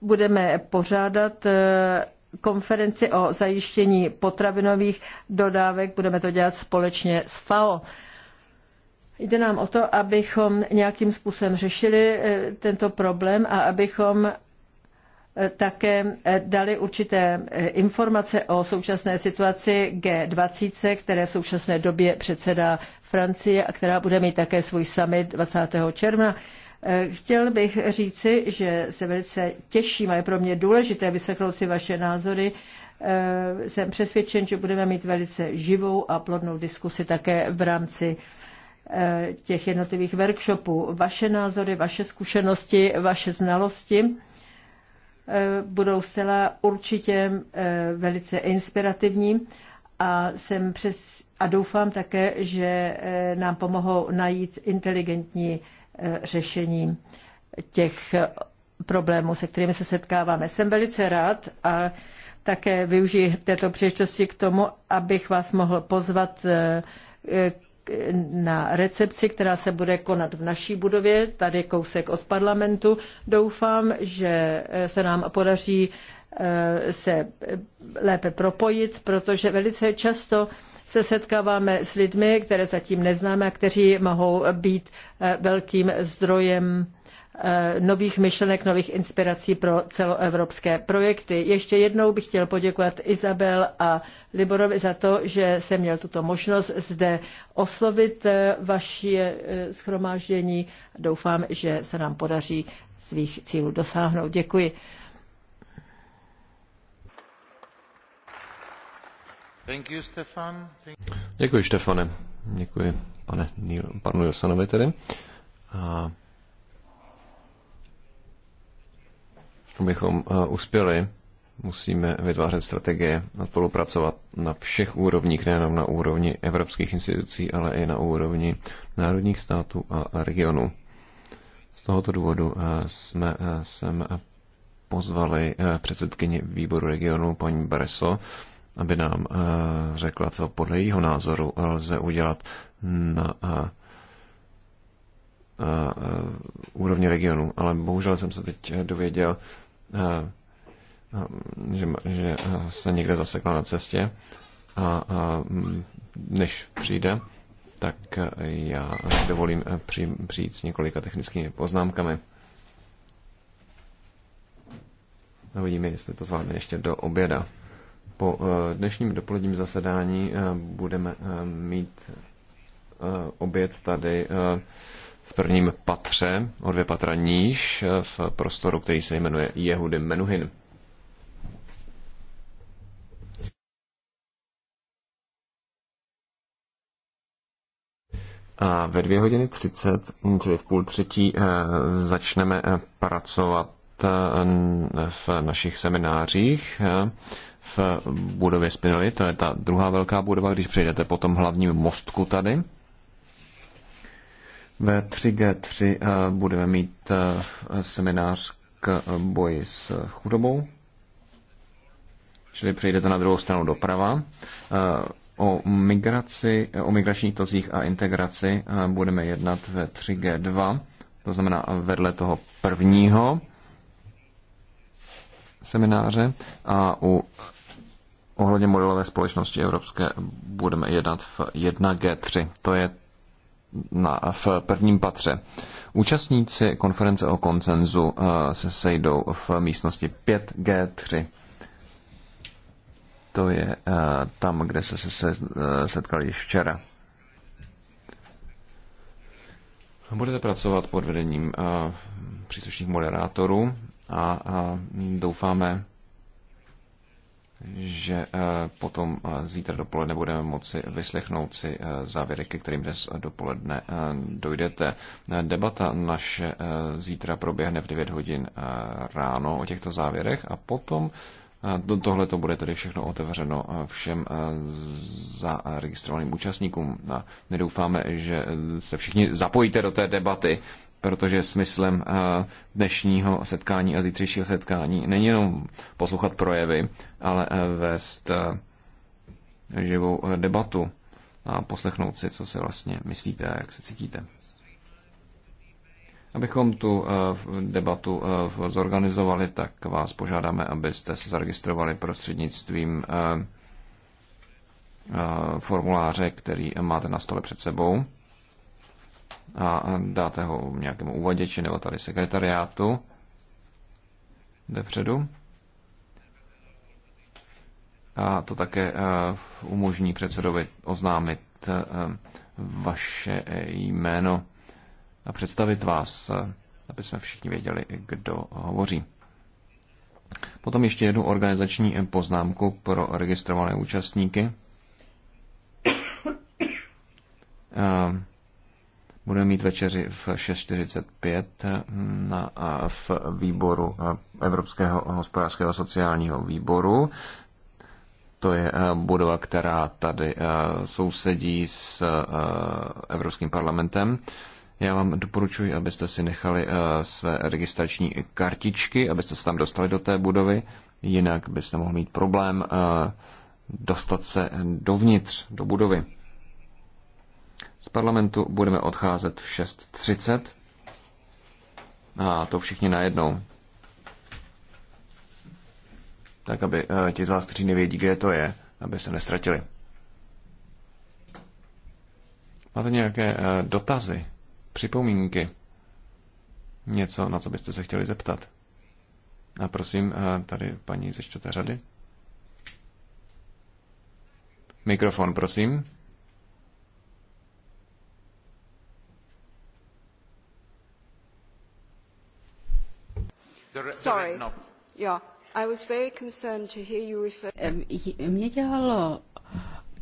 budeme pořádat eh, konferenci o zajištění potravinových dodávek. Budeme to dělat společně s FAO. Jde nám o to, abychom nějakým způsobem řešili tento problém a abychom Eh, také eh, dali určité eh, informace o současné situaci G20, které v současné době předsedá Francie a která bude mít také svůj summit 20. června. Chtěl bych říci, že se velice těším a je pro mě důležité vyslechnout si vaše názory. Jsem přesvědčen, že budeme mít velice živou a plodnou diskusi také v rámci těch jednotlivých workshopů. Vaše názory, vaše zkušenosti, vaše znalosti Eh, budou zcela určitě eh, velice inspirativní a jsem přes a doufám také, že eh, nám pomohou najít inteligentní řešení těch problémů, se kterými se setkáváme. Jsem velice rád a také využiji této příležitosti k tomu, abych vás mohl pozvat na recepci, která se bude konat v naší budově, tady kousek od parlamentu. Doufám, že eh, se nám podaří eh, se eh, lépe propojit, protože velice často se setkáváme s lidmi, které zatím neznáme a kteří mohou být velkým zdrojem Eh, nových myšlenek, nových inspirací pro celoevropské projekty. Ještě jednou bych chtěl poděkovat Izabel a Liborovi za to, že jsem měl tuto možnost zde oslovit eh, vaše eh, schromáždění. Doufám, že se nám podaří svých cílů dosáhnout. Děkuji. Thank you, Stefan. Thank you. Děkuji, Stefane. Děkuji pane Níl, panu tedy. A abychom eh, uspěli, musíme vytvářet strategie a spolupracovat na všech úrovních, nejenom na úrovni evropských institucí, ale i na úrovni národních států a regionů. Z tohoto důvodu eh, jsme eh, sem pozvali předsedkyni výboru regionu paní Bareso, aby nám řekla, co podle jejího názoru lze udělat na úrovni regionu, ale bohužel jsem se teď eh, dověděl, eh, eh, že, že se někde zasekla na cestě a, a než přijde, tak já dovolím při, přijít s několika technickými poznámkami. A uvidíme, jestli to zvládne ještě do oběda. Po dnešním dopoledním zasedání budeme mít oběd tady prvním patře, o dvě patra níž, v prostoru, který se jmenuje Jehudy Menuhin. A ve dvě hodiny třicet, čili v půl třetí, eh, začneme eh, pracovat eh, v našich seminářích v budově Spinelli. To je ta druhá velká budova, když přejdete po tom hlavním mostku tady. Ve 3G3 eh, budeme mít eh, seminář k eh, boji s chudobou, čili přejdete na druhou stranu doprava. O migraci, o migračních tozích a integraci budeme jednat ve 3G2, to znamená vedle toho prvního semináře a u ohledně modelové společnosti evropské budeme jednat v 1G3. To je na, v prvním patře. Účastníci konference o koncenzu eh, se sejdou v místnosti 5G3. To je eh, tam, kde se, se eh, setkali již včera. Budete pracovat pod vedením příslušných moderátorů a doufáme, že eh, potom eh, zítra dopoledne budeme moci vyslechnout si eh, závěry, ke kterým dnes dopoledne dojdete. Debata naše zítra proběhne v 9 hodin ráno o těchto závěrech a potom Tohle to bude tedy všechno otevřeno všem zaregistrovaným účastníkům. My doufáme, že se všichni zapojíte do té debaty protože smyslem eh, dnešního setkání a zítřejšího setkání není jenom poslouchat projevy, ale eh, vést eh, živou debatu a poslechnout si, co se vlastně myslíte a jak se cítíte. Abychom tu debatu zorganizovali, tak vás požádáme, abyste se zaregistrovali prostřednictvím formuláře, který máte na stole před sebou a dáte ho nějakému uvaděči nebo tady sekretariátu depředu. A to také eh, umožní předsedovi oznámit eh, vaše jméno a představit vás, eh, aby jsme všichni věděli, kdo hovoří. Potom ještě jednu organizační poznámku pro registrované účastníky. Budeme mít večeři v 6.45 hm, na, a v výboru eh, Evropského hospodářského sociálního výboru. To je eh, budova, která tady eh, sousedí s Evropským parlamentem. Já vám doporučuji, abyste si nechali své registrační kartičky, abyste se tam dostali do té budovy, jinak byste mohli mít problém dostat se dovnitř, do budovy. Z parlamentu budeme odcházet v 6.30 a to všichni najednou. Tak, aby eh, ti z vás, kteří nevědí, kde to je, aby se nestratili. Máte nějaké eh, dotazy, připomínky, něco, na co byste se chtěli zeptat? A prosím, eh, tady paní ze čtvrté řady. Mikrofon, prosím. Mě dělalo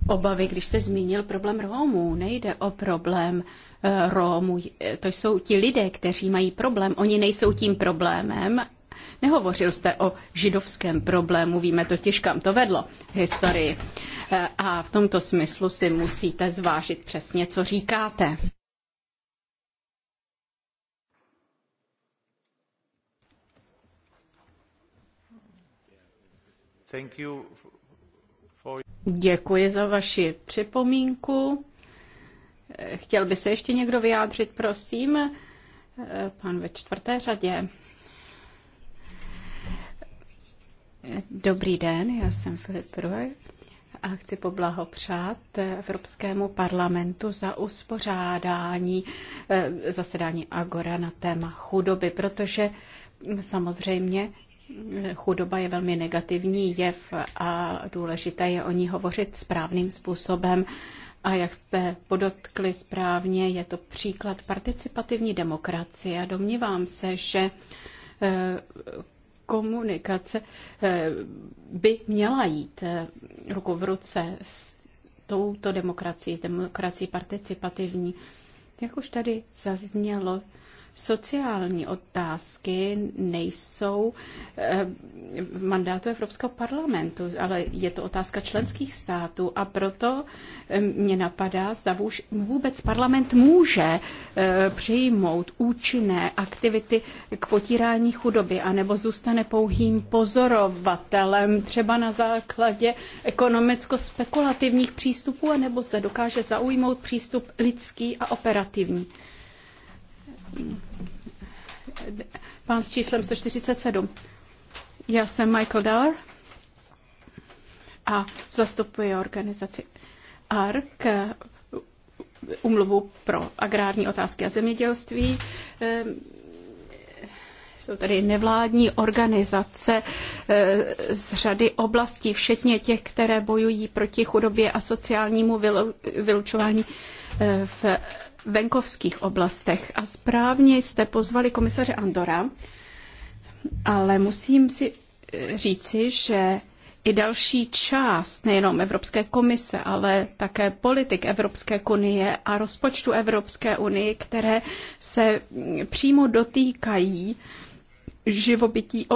obavy, když jste zmínil problém Rómů. Nejde o problém eh, Rómů. Eh, to jsou ti lidé, kteří mají problém. Oni nejsou tím problémem. Nehovořil jste o židovském problému, víme totiž, kam to vedlo v historii. Eh, a v tomto smyslu si musíte zvážit přesně, co říkáte. Děkuji za vaši připomínku. Chtěl by se ještě někdo vyjádřit, prosím? Pan ve čtvrté řadě. Dobrý den, já jsem Filip Roy a chci poblahopřát Evropskému parlamentu za uspořádání eh, zasedání Agora na téma chudoby, protože samozřejmě Chudoba je velmi negativní jev a důležité je o ní hovořit správným způsobem. A jak jste podotkli správně, je to příklad participativní demokracie. A domnívám se, že eh, komunikace eh, by měla jít eh, ruku v ruce s touto demokracií, s demokracií participativní. Jak už tady zaznělo, Sociální otázky nejsou eh, v mandátu Evropského parlamentu, ale je to otázka členských států a proto eh, mě napadá, zda vůbec parlament může eh, přijmout účinné aktivity k potírání chudoby, anebo zůstane pouhým pozorovatelem třeba na základě ekonomicko-spekulativních přístupů, anebo zda dokáže zaujmout přístup lidský a operativní pán s číslem 147. Já jsem Michael Dar a zastupuji organizaci ARK, umluvu pro agrární otázky a zemědělství. Ehm, jsou tady nevládní organizace ehm, z řady oblastí, všetně těch, které bojují proti chudobě a sociálnímu vylučování ehm, v venkovských oblastech. A správně jste pozvali komisaře Andora, ale musím si eh, říci, že i další část nejenom Evropské komise, ale také politik Evropské unie a rozpočtu Evropské unie, které se mm, přímo dotýkají živobytí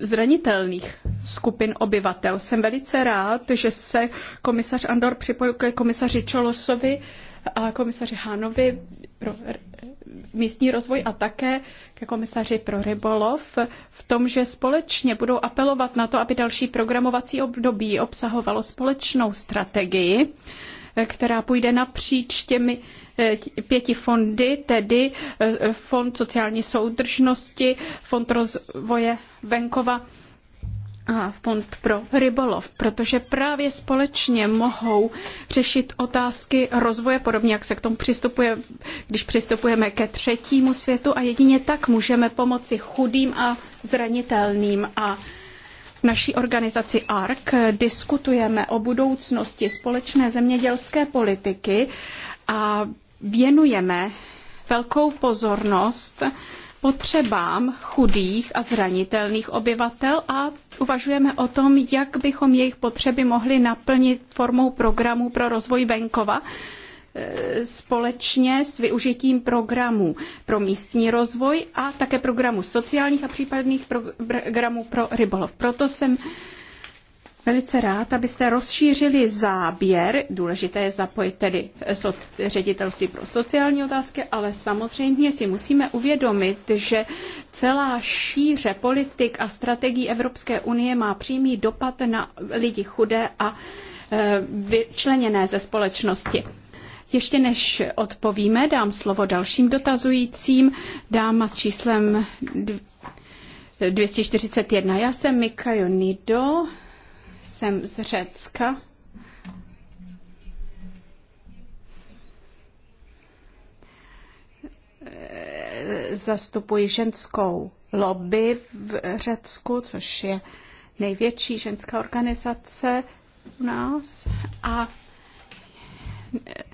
zranitelných skupin obyvatel. Jsem velice rád, že se komisař Andor připojil ke komisaři Čolosovi a komisaři Hánovi pro místní rozvoj a také ke komisaři pro rybolov v tom, že společně budou apelovat na to, aby další programovací období obsahovalo společnou strategii, která půjde napříč těmi eh, pěti fondy, tedy eh, Fond sociální soudržnosti, Fond rozvoje venkova, a fond pro rybolov, protože právě společně mohou řešit otázky rozvoje, podobně jak se k tomu přistupuje, když přistupujeme ke třetímu světu a jedině tak můžeme pomoci chudým a zranitelným a naší organizaci ARC diskutujeme o budoucnosti společné zemědělské politiky a věnujeme velkou pozornost potřebám chudých a zranitelných obyvatel a uvažujeme o tom, jak bychom jejich potřeby mohli naplnit formou programu pro rozvoj venkova e, společně s využitím programů pro místní rozvoj a také programu sociálních a případných programů pro rybolov. Proto jsem velice rád, abyste rozšířili záběr. Důležité je zapojit tedy eh, ředitelství pro sociální otázky, ale samozřejmě si musíme uvědomit, že celá šíře politik a strategií Evropské unie má přímý dopad na lidi chudé a eh, vyčleněné ze společnosti. Ještě než odpovíme, dám slovo dalším dotazujícím. Dáma s číslem 241. Já jsem Mika Jonido jsem z Řecka. Zastupuji ženskou lobby v Řecku, což je největší ženská organizace u nás. A e,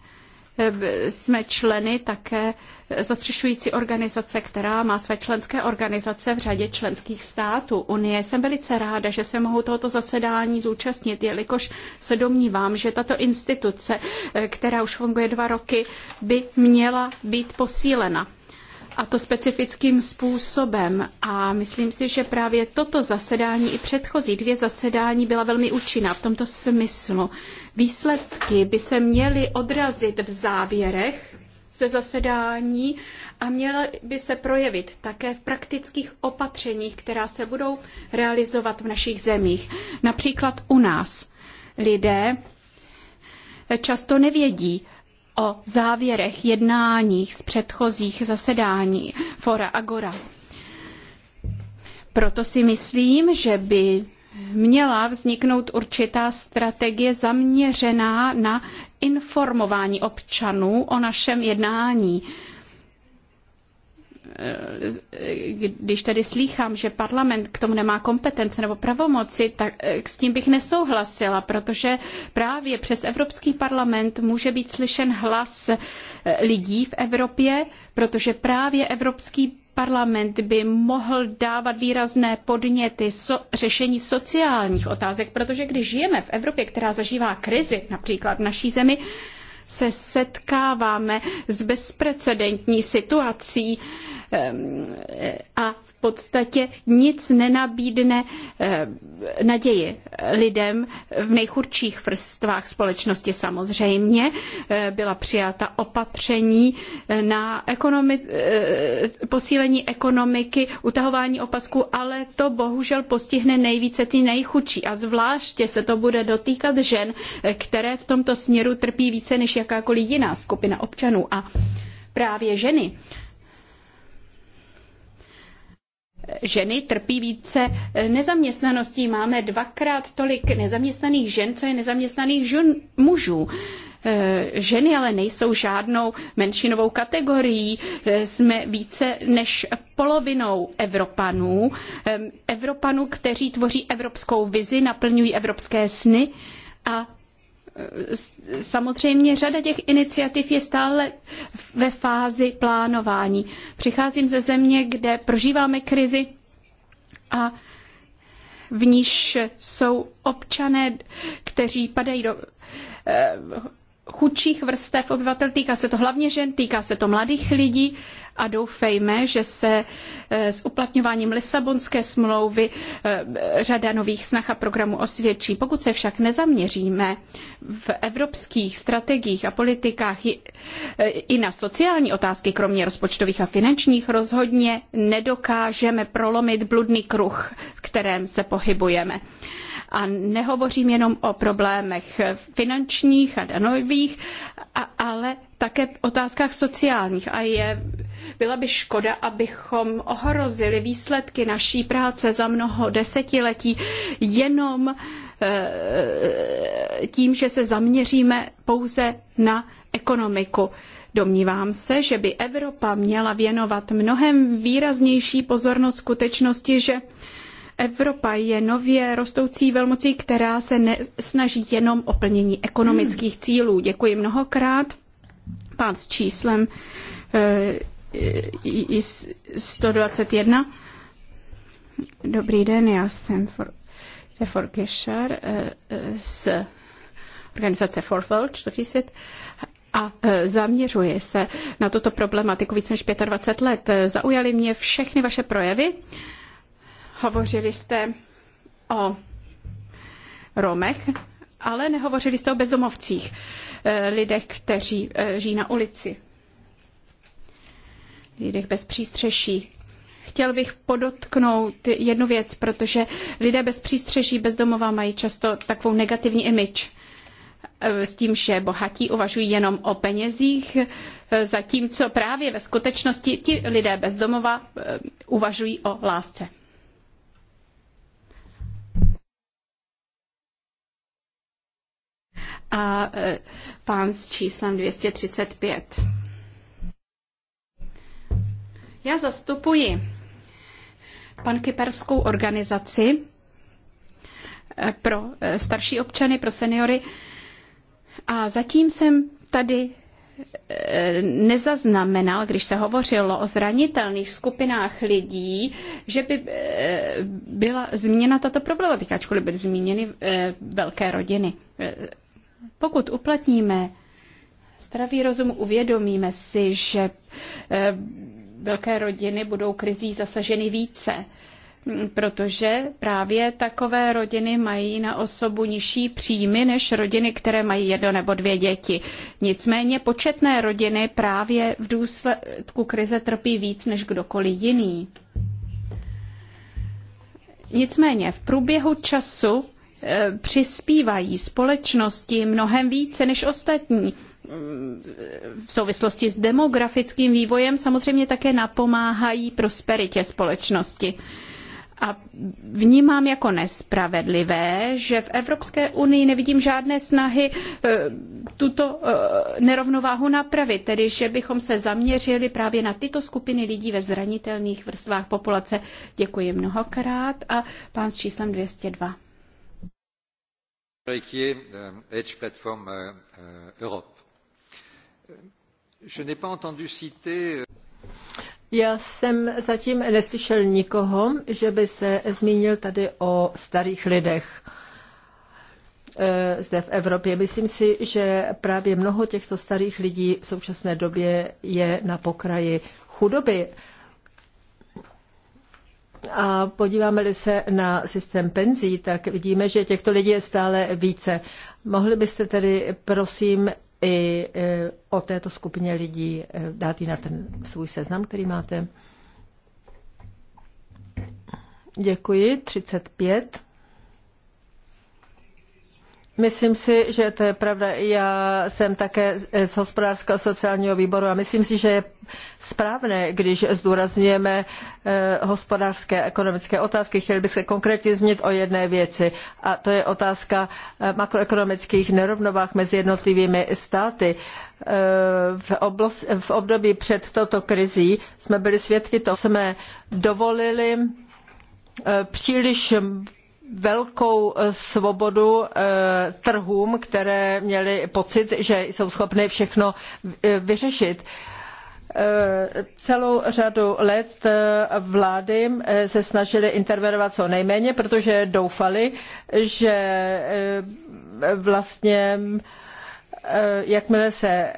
e, jsme členy také zastřešující organizace, která má své členské organizace v řadě členských států Unie. Jsem velice ráda, že se mohu tohoto zasedání zúčastnit, jelikož se domnívám, že tato instituce, eh, která už funguje dva roky, by měla být posílena a to specifickým způsobem. A myslím si, že právě toto zasedání i předchozí dvě zasedání byla velmi účinná v tomto smyslu. Výsledky by se měly odrazit v závěrech ze zasedání a měla by se projevit také v praktických opatřeních, která se budou realizovat v našich zemích. Například u nás lidé často nevědí, o závěrech jednáních z předchozích zasedání Fora Agora. Proto si myslím, že by měla vzniknout určitá strategie zaměřená na informování občanů o našem jednání když tedy slýchám, že parlament k tomu nemá kompetence nebo pravomoci, tak eh, s tím bych nesouhlasila, protože právě přes Evropský parlament může být slyšen hlas eh, lidí v Evropě, protože právě Evropský parlament by mohl dávat výrazné podněty so, řešení sociálních otázek, protože když žijeme v Evropě, která zažívá krizi, například v naší zemi, se setkáváme s bezprecedentní situací, Ehm, a v podstatě nic nenabídne ehm, naději lidem v nejchudších vrstvách společnosti samozřejmě. Ehm, byla přijata opatření na ekonomi- posílení ekonomiky, utahování opasků, ale to bohužel postihne nejvíce ty nejchudší a zvláště se to bude dotýkat žen, které v tomto směru trpí více než jakákoliv jiná skupina občanů. A právě ženy ženy trpí více eh, nezaměstnaností. Máme dvakrát tolik nezaměstnaných žen, co je nezaměstnaných žen, mužů. Eh, ženy ale nejsou žádnou menšinovou kategorií. Eh, jsme více než polovinou Evropanů. Evropanů, kteří tvoří evropskou vizi, naplňují evropské sny a samozřejmě řada těch iniciativ je stále ve fázi plánování. Přicházím ze země, kde prožíváme krizi a v níž jsou občané, kteří padají do eh, chudších vrstev obyvatel. Týká se to hlavně žen, týká se to mladých lidí a doufejme, že se eh, s uplatňováním Lisabonské smlouvy eh, řada nových snah a programů osvědčí. Pokud se však nezaměříme v evropských strategiích a politikách eh, i na sociální otázky, kromě rozpočtových a finančních, rozhodně nedokážeme prolomit bludný kruh, v kterém se pohybujeme. A nehovořím jenom o problémech finančních a danových, ale také otázkách sociálních. A je byla by škoda, abychom ohrozili výsledky naší práce za mnoho desetiletí jenom eh, tím, že se zaměříme pouze na ekonomiku. Domnívám se, že by Evropa měla věnovat mnohem výraznější pozornost skutečnosti, že Evropa je nově rostoucí velmocí, která se nesnaží jenom o plnění ekonomických cílů. Děkuji mnohokrát. Pán s číslem eh, 121. Dobrý den, já jsem for, for eh, eh, z organizace Forfell 40 a eh, zaměřuje se na tuto problematiku více než 25 let. Zaujaly mě všechny vaše projevy. Hovořili jste o Romech, ale nehovořili jste o bezdomovcích, lidech, kteří žijí na ulici lidech bez přístřeší. Chtěl bych podotknout jednu věc, protože lidé bez přístřeší, bez domova mají často takovou negativní image e, s tím, že bohatí uvažují jenom o penězích, e, zatímco právě ve skutečnosti ti lidé bez domova e, uvažují o lásce. A pán s číslem 235. Já zastupuji pan Kyperskou organizaci eh, pro eh, starší občany, pro seniory a zatím jsem tady eh, nezaznamenal, když se hovořilo o zranitelných skupinách lidí, že by byla zmíněna tato problematika, ačkoliv byly zmíněny velké rodiny. Pokud uplatníme zdravý rozum, uvědomíme si, že velké rodiny budou krizí zasaženy více, protože právě takové rodiny mají na osobu nižší příjmy než rodiny, které mají jedno nebo dvě děti. Nicméně početné rodiny právě v důsledku krize trpí víc než kdokoliv jiný. Nicméně v průběhu času eh, přispívají společnosti mnohem více než ostatní Mm, v souvislosti s demografickým vývojem samozřejmě také napomáhají prosperitě společnosti. A vnímám jako nespravedlivé, že v Evropské unii nevidím žádné snahy eh, tuto eh, nerovnováhu napravit, tedy že bychom se zaměřili právě na tyto skupiny lidí ve zranitelných vrstvách populace. Děkuji mnohokrát a pán s číslem 202. Eh, Europe. Euh, Já jsem zatím neslyšel nikoho, že by se zmínil tady o starých lidech eh, zde v Evropě. Myslím si, že právě mnoho těchto starých lidí v současné době je na pokraji chudoby. A podíváme-li se na systém penzí, tak vidíme, že těchto lidí je stále více. Mohli byste tedy, prosím, i e, o této skupině lidí, e, dát ji na ten svůj seznam, který máte. Děkuji. 35. Myslím si, že to je pravda. Já jsem také z hospodářského sociálního výboru a myslím si, že je správné, když zdůrazňujeme eh, hospodářské a ekonomické otázky. Chtěli bych se konkrétně zmínit o jedné věci a to je otázka eh, makroekonomických nerovnovách mezi jednotlivými státy. Eh, v, v období před touto krizí jsme byli svědky toho, jsme dovolili příliš velkou eh, svobodu eh, trhům, které měly pocit, že jsou schopny všechno eh, vyřešit celou řadu let vlády se snažily intervenovat co nejméně, protože doufali, že vlastně jakmile se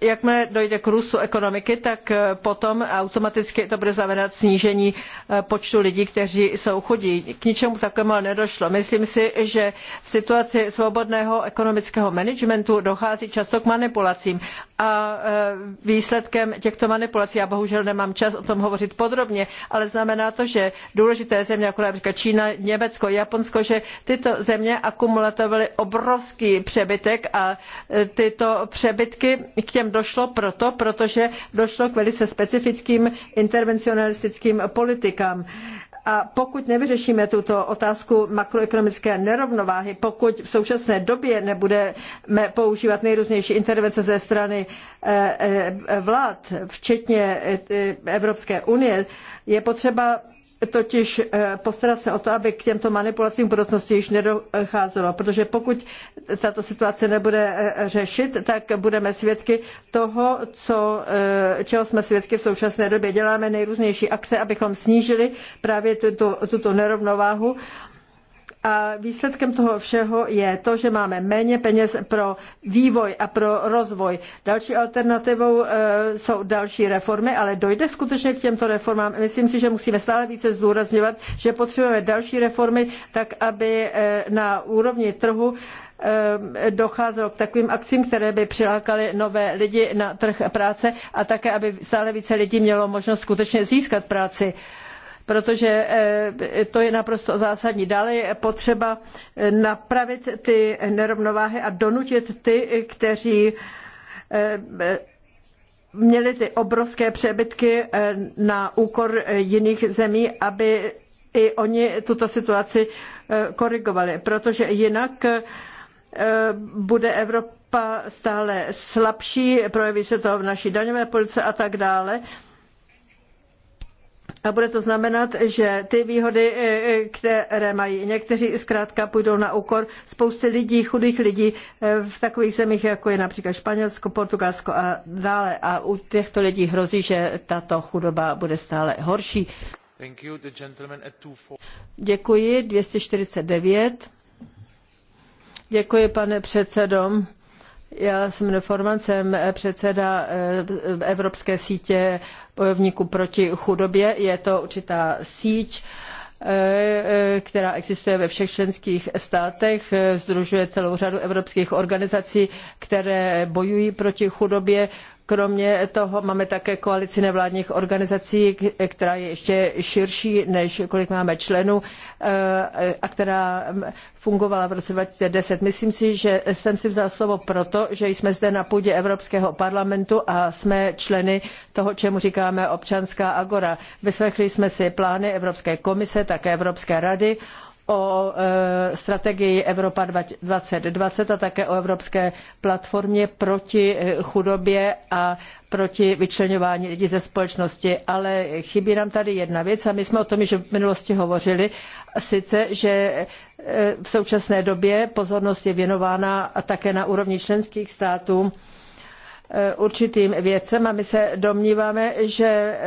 jakmile dojde k růstu ekonomiky, tak eh, potom automaticky to bude znamenat snížení eh, počtu lidí, kteří jsou chudí. K ničemu takovému nedošlo. Myslím si, že v situaci svobodného ekonomického managementu dochází často k manipulacím a eh, výsledkem těchto manipulací, já bohužel nemám čas o tom hovořit podrobně, ale znamená to, že důležité země, jako například Čína, Německo, Japonsko, že tyto země akumulovaly obrovský přebytek a tyto přebytky k těm došlo proto, protože došlo k velice specifickým intervencionalistickým politikám. A pokud nevyřešíme tuto otázku makroekonomické nerovnováhy, pokud v současné době nebudeme používat nejrůznější intervence ze strany eh, eh, vlád, včetně eh, Evropské unie, je potřeba totiž eh, postarat se o to, aby k těmto manipulacím v budoucnosti již nedocházelo, protože pokud tato situace nebude eh, řešit, tak budeme svědky toho, co, eh, čeho jsme svědky v současné době. Děláme nejrůznější akce, abychom snížili právě tuto, tuto nerovnováhu a výsledkem toho všeho je to, že máme méně peněz pro vývoj a pro rozvoj. Další alternativou e, jsou další reformy, ale dojde skutečně k těmto reformám. Myslím si, že musíme stále více zdůrazňovat, že potřebujeme další reformy, tak aby e, na úrovni trhu e, docházelo k takovým akcím, které by přilákaly nové lidi na trh práce a také, aby stále více lidí mělo možnost skutečně získat práci. Uh, protože eh, to je naprosto zásadní. Dále je potřeba eh, napravit ty nerovnováhy a donutit ty, kteří eh, měli ty obrovské přebytky na úkor jiných zemí, aby i oni tuto situaci korigovali, protože jinak bude Evropa stále slabší, projeví se to v naší daňové politice a tak dále. A bude to znamenat, že ty výhody, e, e, které mají někteří, zkrátka půjdou na úkor spousty lidí, chudých lidí e, v takových zemích, jako je například Španělsko, Portugalsko a dále. A u těchto lidí hrozí, že tato chudoba bude stále horší. You, Děkuji, 249. Děkuji, pane předsedo. Já jsem Forman, předseda Evropské sítě bojovníků proti chudobě. Je to určitá síť, eh, eh, která existuje ve všech členských státech, eh, združuje celou řadu evropských organizací, které bojují proti chudobě. Kromě toho máme také koalici nevládních organizací, která je ještě širší, než kolik máme členů eh, a která fungovala v roce 2010. Myslím si, že jsem si vzal slovo proto, že jsme zde na půdě Evropského parlamentu a jsme členy toho, čemu říkáme občanská agora. Vyslechli jsme si plány Evropské komise, také Evropské rady o e, strategii Evropa 2020 a také o Evropské platformě proti e, chudobě a proti vyčlenování lidí ze společnosti. Ale chybí nám tady jedna věc a my jsme o tom již v minulosti hovořili, sice, že e, v současné době pozornost je věnována také na úrovni členských států určitým věcem a my se domníváme, že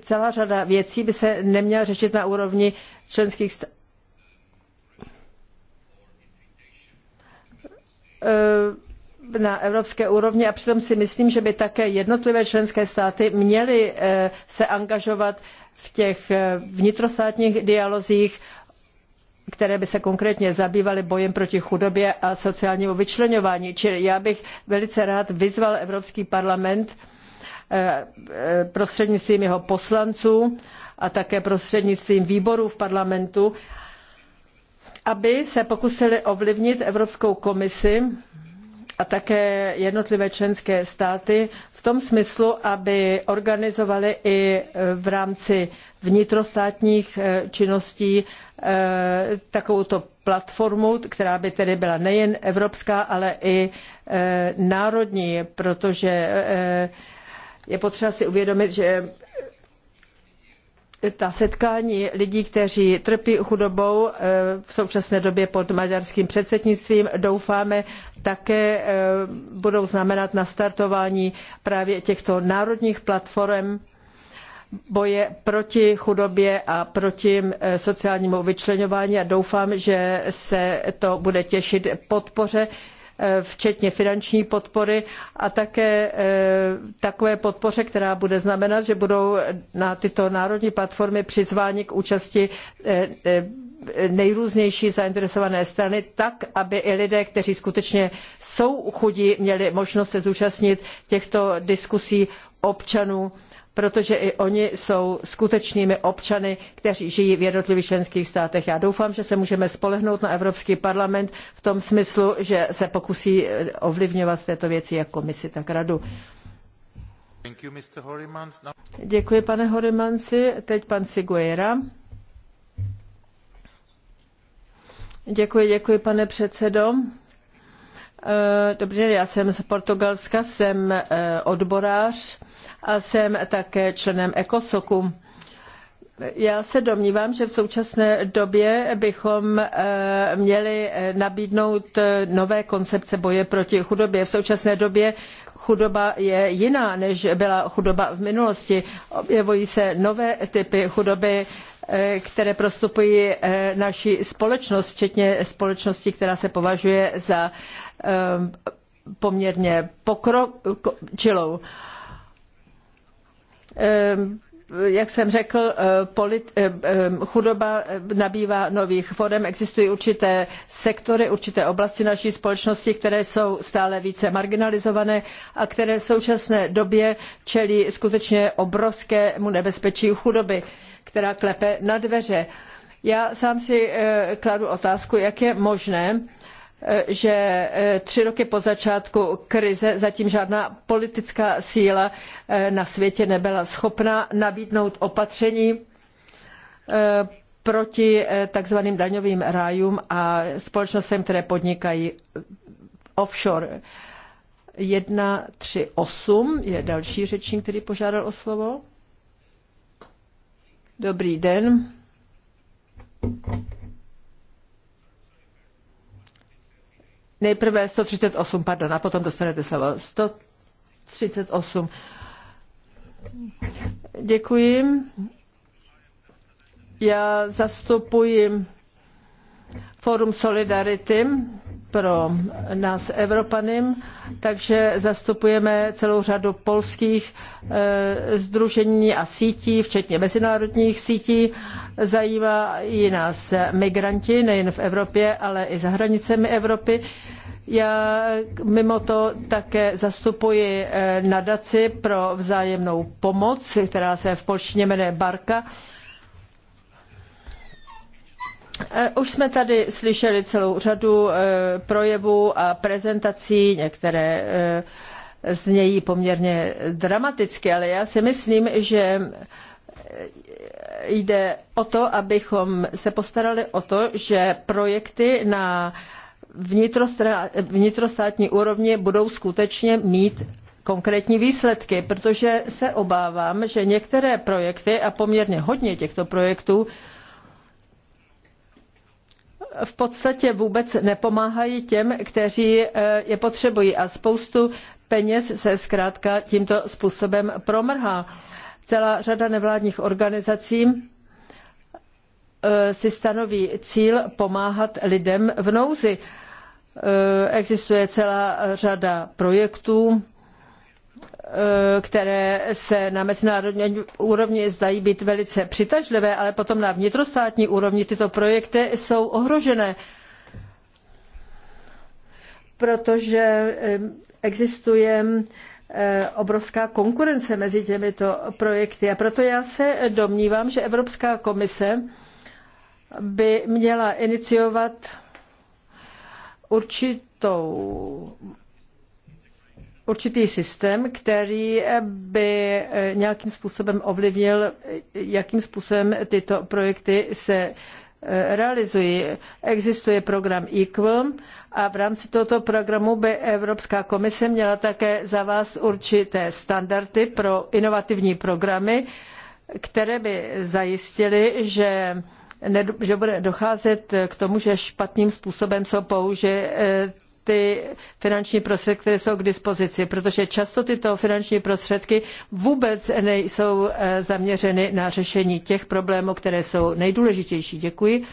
celá řada věcí by se neměla řešit na úrovni členských států Eh, na evropské úrovni a přitom si myslím, že by také jednotlivé členské státy měly eh, se angažovat v těch eh, vnitrostátních dialozích, které by se konkrétně zabývaly bojem proti chudobě a sociálnímu vyčlenování. Čili já bych velice rád vyzval Evropský parlament prostřednictvím jeho poslanců a také prostřednictvím výborů v parlamentu, aby se pokusili ovlivnit Evropskou komisi a také jednotlivé členské státy v tom smyslu, aby organizovali i e, v rámci vnitrostátních e, činností e, takovouto platformu, která by tedy byla nejen evropská, ale i národní, protože je potřeba si uvědomit, že ta setkání lidí, kteří trpí chudobou eh, v současné době pod maďarským předsednictvím, doufáme, také eh, budou znamenat nastartování právě těchto národních platform boje proti chudobě a proti eh, sociálnímu vyčleňování a doufám, že se to bude těšit podpoře Eh, včetně finanční podpory a také eh, takové podpoře, která bude znamenat, že budou na tyto národní platformy přizvány k účasti eh, nejrůznější zainteresované strany, tak, aby i lidé, kteří skutečně jsou chudí, měli možnost se zúčastnit těchto diskusí občanů protože i oni jsou skutečnými občany, kteří žijí v jednotlivých členských státech. Já doufám, že se můžeme spolehnout na Evropský parlament v tom smyslu, že se pokusí eh, ovlivňovat této věci jak komisi, tak radu. Děkuji, pane Horimansi. Teď pan Siguera. Děkuji, děkuji, pane předsedo. Eh, dobře, já jsem z Portugalska, jsem eh, odborář a jsem také členem ECOSOKu. Já se domnívám, že v současné době bychom eh, měli nabídnout nové koncepce boje proti chudobě. V současné době chudoba je jiná, než byla chudoba v minulosti. Objevují se nové typy chudoby, Eh, které prostupují eh, naší společnost, včetně společnosti, která se považuje za eh, poměrně pokročilou jak jsem řekl, eh, polit, eh, eh, chudoba nabývá nových forem. Existují určité sektory, určité oblasti naší společnosti, které jsou stále více marginalizované a které v současné době čelí skutečně obrovskému nebezpečí chudoby, která klepe na dveře. Já sám si kladu otázku, jak je možné, Eh, že eh, tři roky po začátku krize zatím žádná politická síla eh, na světě nebyla schopna nabídnout opatření proti takzvaným daňovým rájům a společnostem, které podnikají offshore. 138 je další řečník, který požádal o slovo. Dobrý den. Nejprve 138, pardon, a potom dostanete slovo. 138. Děkuji. Já zastupuji Fórum Solidarity pro nás Evropany, takže zastupujeme celou řadu polských e, združení a sítí, včetně mezinárodních sítí. Zajímají nás migranti nejen v Evropě, ale i za hranicemi Evropy. Já mimo to také zastupuji eh, nadaci pro vzájemnou pomoc, která se v polštině jmenuje Barka Eh, už jsme tady slyšeli celou řadu eh, projevů a prezentací, některé eh, znějí poměrně dramaticky, ale já si myslím, že jde o to, abychom se postarali o to, že projekty na vnitrostátní úrovni budou skutečně mít konkrétní výsledky, protože se obávám, že některé projekty a poměrně hodně těchto projektů v podstatě vůbec nepomáhají těm, kteří eh, je potřebují a spoustu peněz se zkrátka tímto způsobem promrhá. Celá řada nevládních organizací eh, si stanoví cíl pomáhat lidem v nouzi. Eh, existuje celá řada projektů, Eh, které se na mezinárodní úrovni zdají být velice přitažlivé, ale potom na vnitrostátní úrovni tyto projekty jsou ohrožené, protože eh, existuje eh, obrovská konkurence mezi těmito projekty. A proto já se domnívám, že Evropská komise by měla iniciovat určitou určitý systém, který by eh, nějakým způsobem ovlivnil, eh, jakým způsobem tyto projekty se eh, realizují. Existuje program Equal a v rámci tohoto programu by Evropská komise měla také za vás určité standardy pro inovativní programy, které by zajistily, že že bude docházet k tomu, že špatným způsobem jsou použity ty finanční prostředky, které jsou k dispozici, protože často tyto finanční prostředky vůbec nejsou eh, zaměřeny na řešení těch problémů, které jsou nejdůležitější. Děkuji.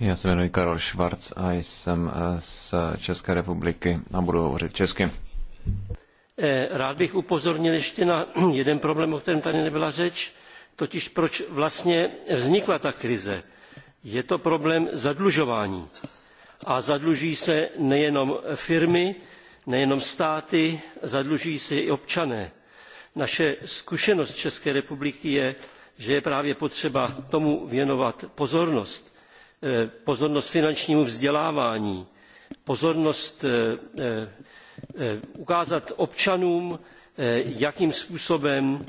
Já se jmenuji Karol Švarc a jsem eh, z České republiky a budu hovořit česky. Eh, rád bych upozornil ještě na (clears throat) jeden problém, o kterém tady nebyla řeč, totiž proč vlastně vznikla ta krize. Je to problém zadlužování a zadluží se nejenom firmy, nejenom státy, zadlužují se i občané. Naše zkušenost České republiky je, že je právě potřeba tomu věnovat pozornost. Eh, pozornost finančnímu vzdělávání, pozornost eh, eh, ukázat občanům, jakým způsobem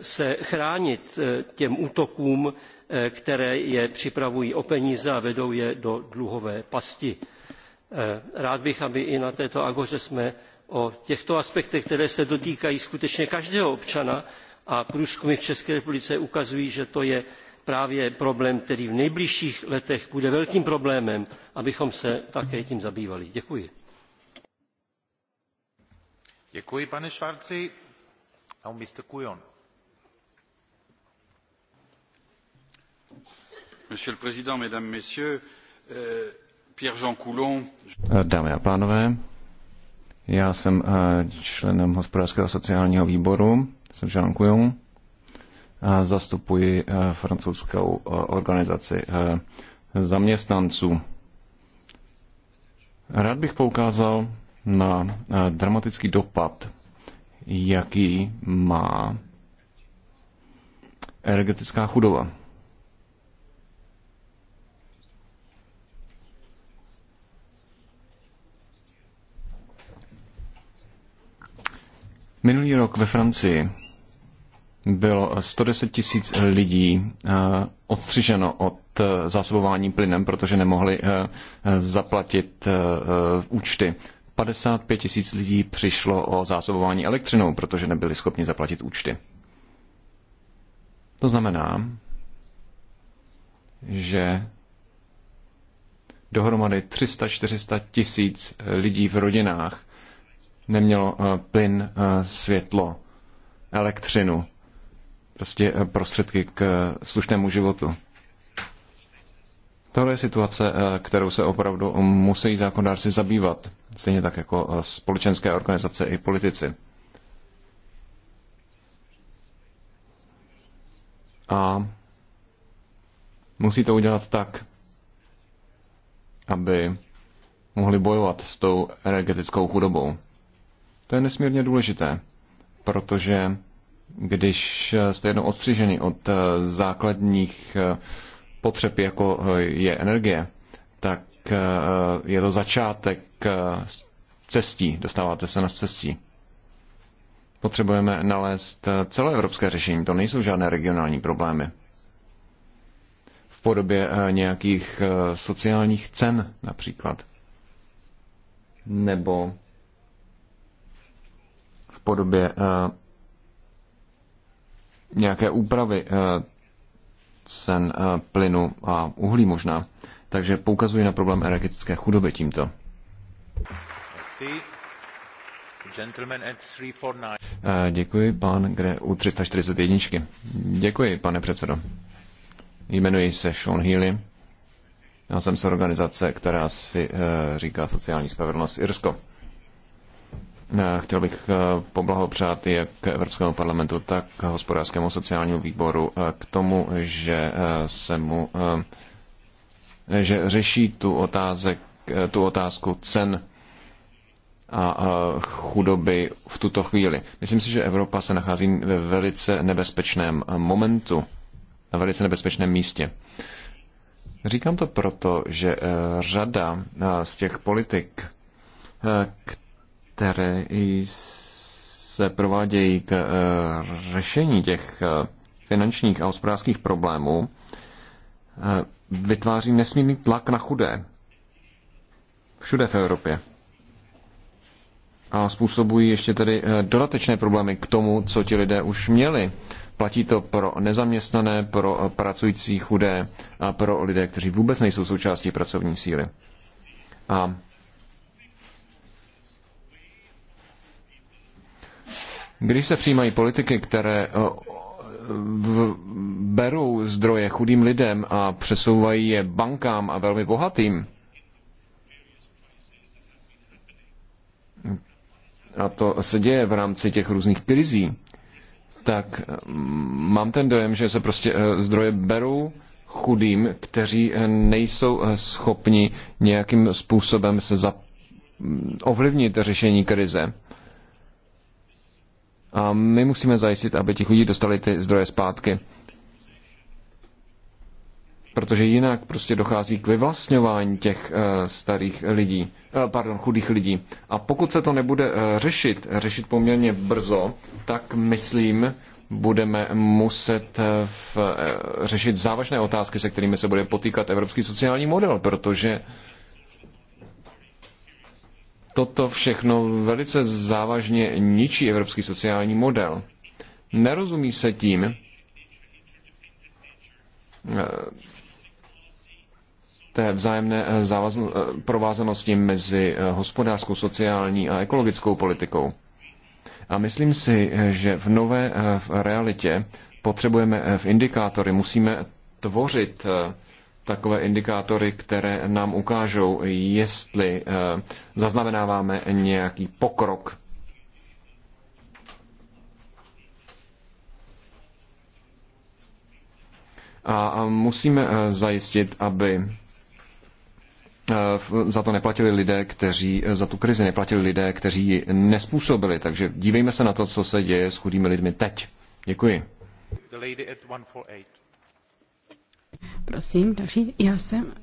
se chránit těm útokům Eh, které je připravují o peníze a vedou je do dluhové pasti. Eh, rád bych, aby i na této agoře jsme o těchto aspektech, které se dotýkají skutečně každého občana a průzkumy v České republice ukazují, že to je právě problém, který v nejbližších letech bude velkým problémem, abychom se také tím zabývali. Děkuji. Děkuji, pane Švarci. A Mr. Kujon. Monsieur le Président, Mesdames, Messieurs, euh, Pierre Jean Coulon. Eh, dámy a pánové, já jsem eh, členem hospodářského sociálního výboru, jsem Jean Coulon a zastupuji eh, francouzskou organizaci zaměstnanců. Rád bych poukázal na dramatický dopad, jaký má energetická chudoba. Minulý rok ve Francii bylo 110 tisíc lidí eh, odstřiženo od eh, zásobování plynem, protože nemohli eh, zaplatit účty. 55 tisíc lidí přišlo o zásobování elektřinou, protože nebyli schopni zaplatit účty. To znamená, že dohromady 300-400 tisíc lidí v rodinách nemělo eh, plyn, eh, světlo, elektřinu, prostě eh, prostředky k slušnému životu. Tohle je situace, kterou se opravdu musí zákonodárci zabývat, stejně tak jako společenské organizace i politici. A musí to udělat tak, aby mohli bojovat s tou energetickou chudobou. To je nesmírně důležité, protože když jste jednou odstřiženi od eh, základních eh, potřeb, jako eh, je energie, tak je to začátek cestí, dostáváte se na cestí. Potřebujeme nalézt celoevropské řešení, to nejsou žádné regionální problémy. V podobě nějakých sociálních cen například. Nebo podobě eh, nějaké úpravy eh, cen eh, plynu a uhlí možná. Takže poukazuji na problém energetické chudoby tímto. Děkuji, pán Gre, u 341. Děkuji, pane předsedo. Jmenuji se Sean Healy. Já jsem z organizace, která si říká sociální spravedlnost Irsko. Eh, chtěl bych eh, poblahopřát jak Evropskému parlamentu, tak hospodářskému sociálnímu výboru eh, k tomu, že se mu že řeší tu, otázek, tu otázku cen a chudoby v tuto chvíli. Myslím si, že Evropa se nachází ve velice nebezpečném momentu, na velice nebezpečném místě. Říkám to proto, že řada z těch politik, které se provádějí k eh, řešení těch eh, finančních a hospodářských problémů, eh, vytváří nesmírný tlak na chudé. Všude v Evropě. A způsobují ještě tedy dodatečné problémy k tomu, co ti lidé už měli. Platí to pro nezaměstnané, pro pracující chudé a pro lidé, kteří vůbec nejsou součástí pracovní síly. A Když se přijímají politiky, které eh, v, berou zdroje chudým lidem a přesouvají je bankám a velmi bohatým, a to se děje v rámci těch různých krizí, tak mm, mám ten dojem, že se prostě eh, zdroje berou chudým, kteří eh, nejsou schopni nějakým způsobem se za, mm, ovlivnit řešení krize. A my musíme zajistit, aby ti chudí dostali ty zdroje zpátky. Protože jinak prostě dochází k vyvlastňování těch eh, starých lidí, eh, pardon, chudých lidí. A pokud se to nebude eh, řešit, řešit poměrně brzo, tak myslím, budeme muset v, řešit závažné otázky, se kterými se bude potýkat evropský sociální model, protože toto všechno velice závažně ničí evropský sociální model. Nerozumí se tím eh, té vzájemné eh, eh, provázanosti mezi hospodářskou, sociální a ekologickou politikou. A myslím si, že v nové v realitě potřebujeme v indikátory, musíme tvořit takové indikátory, které nám ukážou, jestli eh, zaznamenáváme nějaký pokrok. A musíme eh, zajistit, aby eh, za to neplatili lidé, kteří za tu krizi neplatili lidé, kteří ji nespůsobili. Takže dívejme se na to, co se děje s chudými lidmi teď. Děkuji. The lady at 148. Prosím, další. Já jsem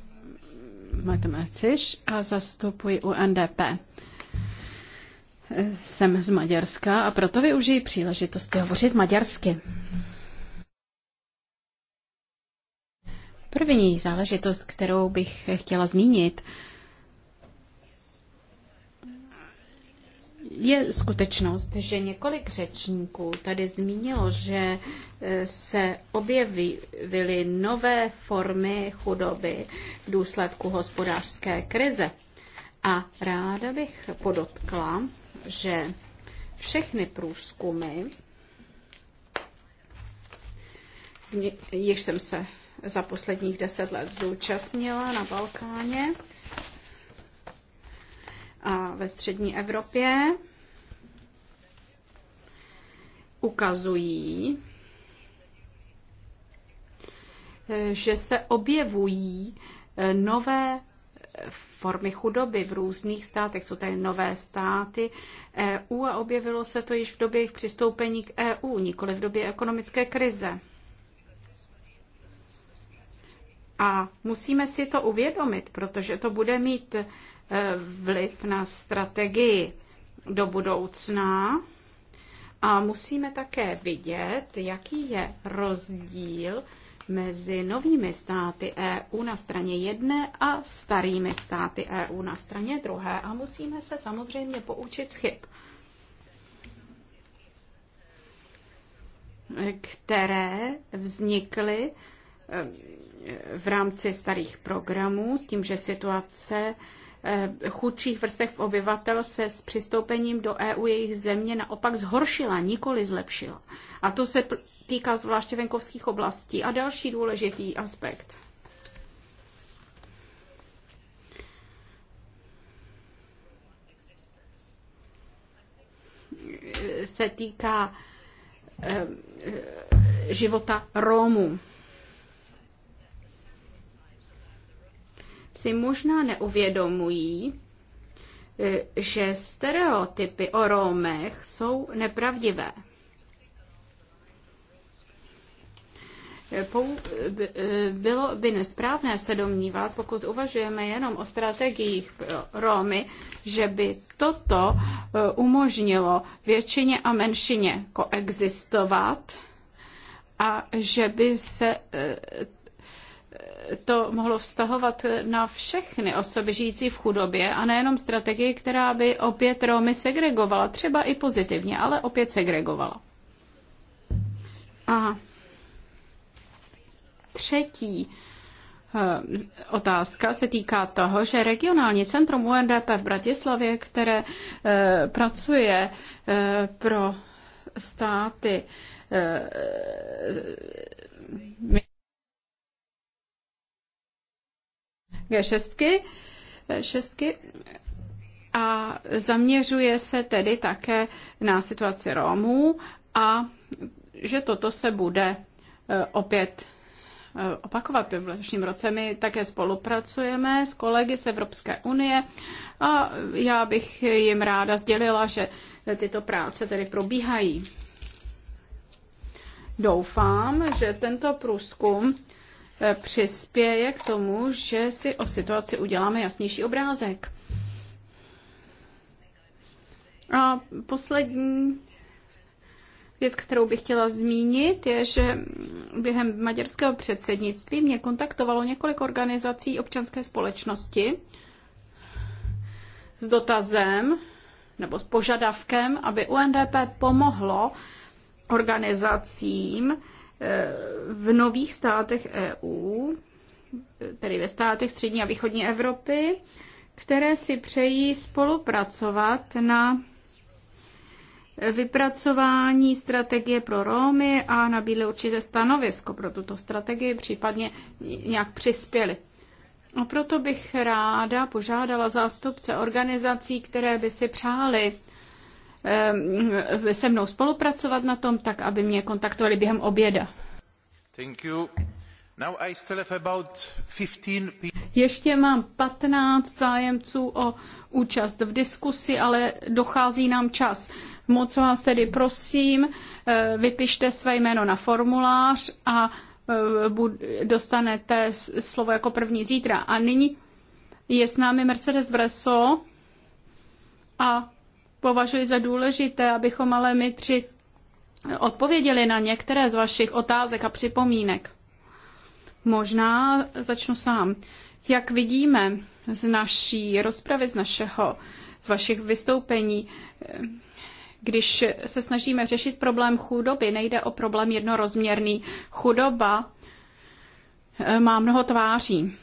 matematič a zastupuji NDP. Jsem z Maďarska a proto využiji příležitosti hovořit maďarsky. První záležitost, kterou bych chtěla zmínit, je skutečnost, že několik řečníků tady zmínilo, že eh, se objevily nové formy chudoby v důsledku hospodářské krize. A ráda bych podotkla, že všechny průzkumy, již jsem se za posledních deset let zúčastnila na Balkáně a ve střední Evropě, ukazují, že se objevují eh, nové formy chudoby v různých státech. Jsou tady nové státy EU a objevilo se to již v době jejich přistoupení k EU, nikoli v době ekonomické krize. A musíme si to uvědomit, protože to bude mít eh, vliv na strategii do budoucna a musíme také vidět, jaký je rozdíl mezi novými státy EU na straně jedné a starými státy EU na straně druhé. A musíme se samozřejmě poučit z chyb, které vznikly eh, v rámci starých programů s tím, že situace Eh, chudších vrstev obyvatel se s přistoupením do EU jejich země naopak zhoršila, nikoli zlepšila. A to se týká zvláště venkovských oblastí. A další důležitý aspekt. se týká eh, eh, života Rómů. si možná neuvědomují, eh, že stereotypy o Rómech jsou nepravdivé. Eh, eh, bylo by nesprávné se domnívat, pokud uvažujeme jenom o strategiích pro Rómy, že by toto umožnilo většině a menšině koexistovat a že by se to mohlo vztahovat na všechny osoby žijící v chudobě a nejenom strategii, která by opět Romy segregovala, třeba i pozitivně, ale opět segregovala. A třetí eh, otázka se týká toho, že regionální centrum UNDP v Bratislavě, které eh, pracuje eh, pro státy G6, 6 a zaměřuje se tedy také na situaci Rómů a že toto se bude e, opět e, opakovat. V letošním roce my také spolupracujeme s kolegy z Evropské unie a já bych jim ráda sdělila, že tyto práce tedy probíhají. Doufám, že tento průzkum Eh, přispěje k tomu, že si o situaci uděláme jasnější obrázek. A poslední věc, kterou bych chtěla zmínit, je, že během maďarského předsednictví mě kontaktovalo několik organizací občanské společnosti s dotazem nebo s požadavkem, aby UNDP pomohlo organizacím, v nových státech EU, tedy ve státech střední a východní Evropy, které si přejí spolupracovat na vypracování strategie pro Romy a nabídli určité stanovisko pro tuto strategii, případně nějak přispěli. A proto bych ráda požádala zástupce organizací, které by si přáli Eh, se mnou spolupracovat na tom, tak aby mě kontaktovali během oběda. Thank you. Now I still have about 15 Ještě mám 15 zájemců o účast v diskusi, ale dochází nám čas. Moc vás tedy prosím, eh, vypište své jméno na formulář a eh, dostanete slovo jako první zítra. A nyní je s námi Mercedes Breso a považuji za důležité, abychom ale my tři odpověděli na některé z vašich otázek a připomínek. Možná začnu sám. Jak vidíme z naší rozpravy, z našeho, z vašich vystoupení, když se snažíme řešit problém chudoby, nejde o problém jednorozměrný. Chudoba eh, má mnoho tváří.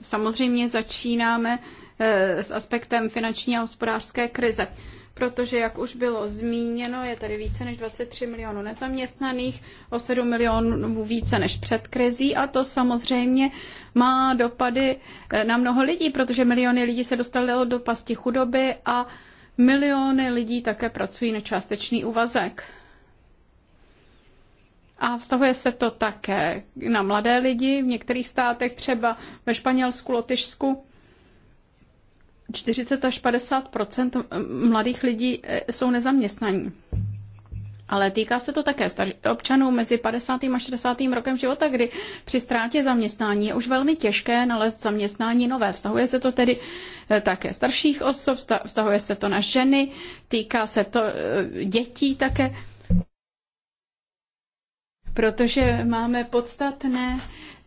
Samozřejmě začínáme Eh, s aspektem finanční a hospodářské krize. Protože, jak už bylo zmíněno, je tady více než 23 milionů nezaměstnaných, o 7 milionů více než před krizí a to samozřejmě má dopady eh, na mnoho lidí, protože miliony lidí se dostaly do pasti chudoby a miliony lidí také pracují na částečný úvazek. A vztahuje se to také na mladé lidi v některých státech, třeba ve Španělsku, Lotyšsku. 40 až 50 mladých lidí eh, jsou nezaměstnaní. Ale týká se to také občanů mezi 50. a 60. rokem života, kdy při ztrátě zaměstnání je už velmi těžké nalézt zaměstnání nové. Vztahuje se to tedy eh, také starších osob, vztahuje se to na ženy, týká se to eh, dětí také, protože máme podstatné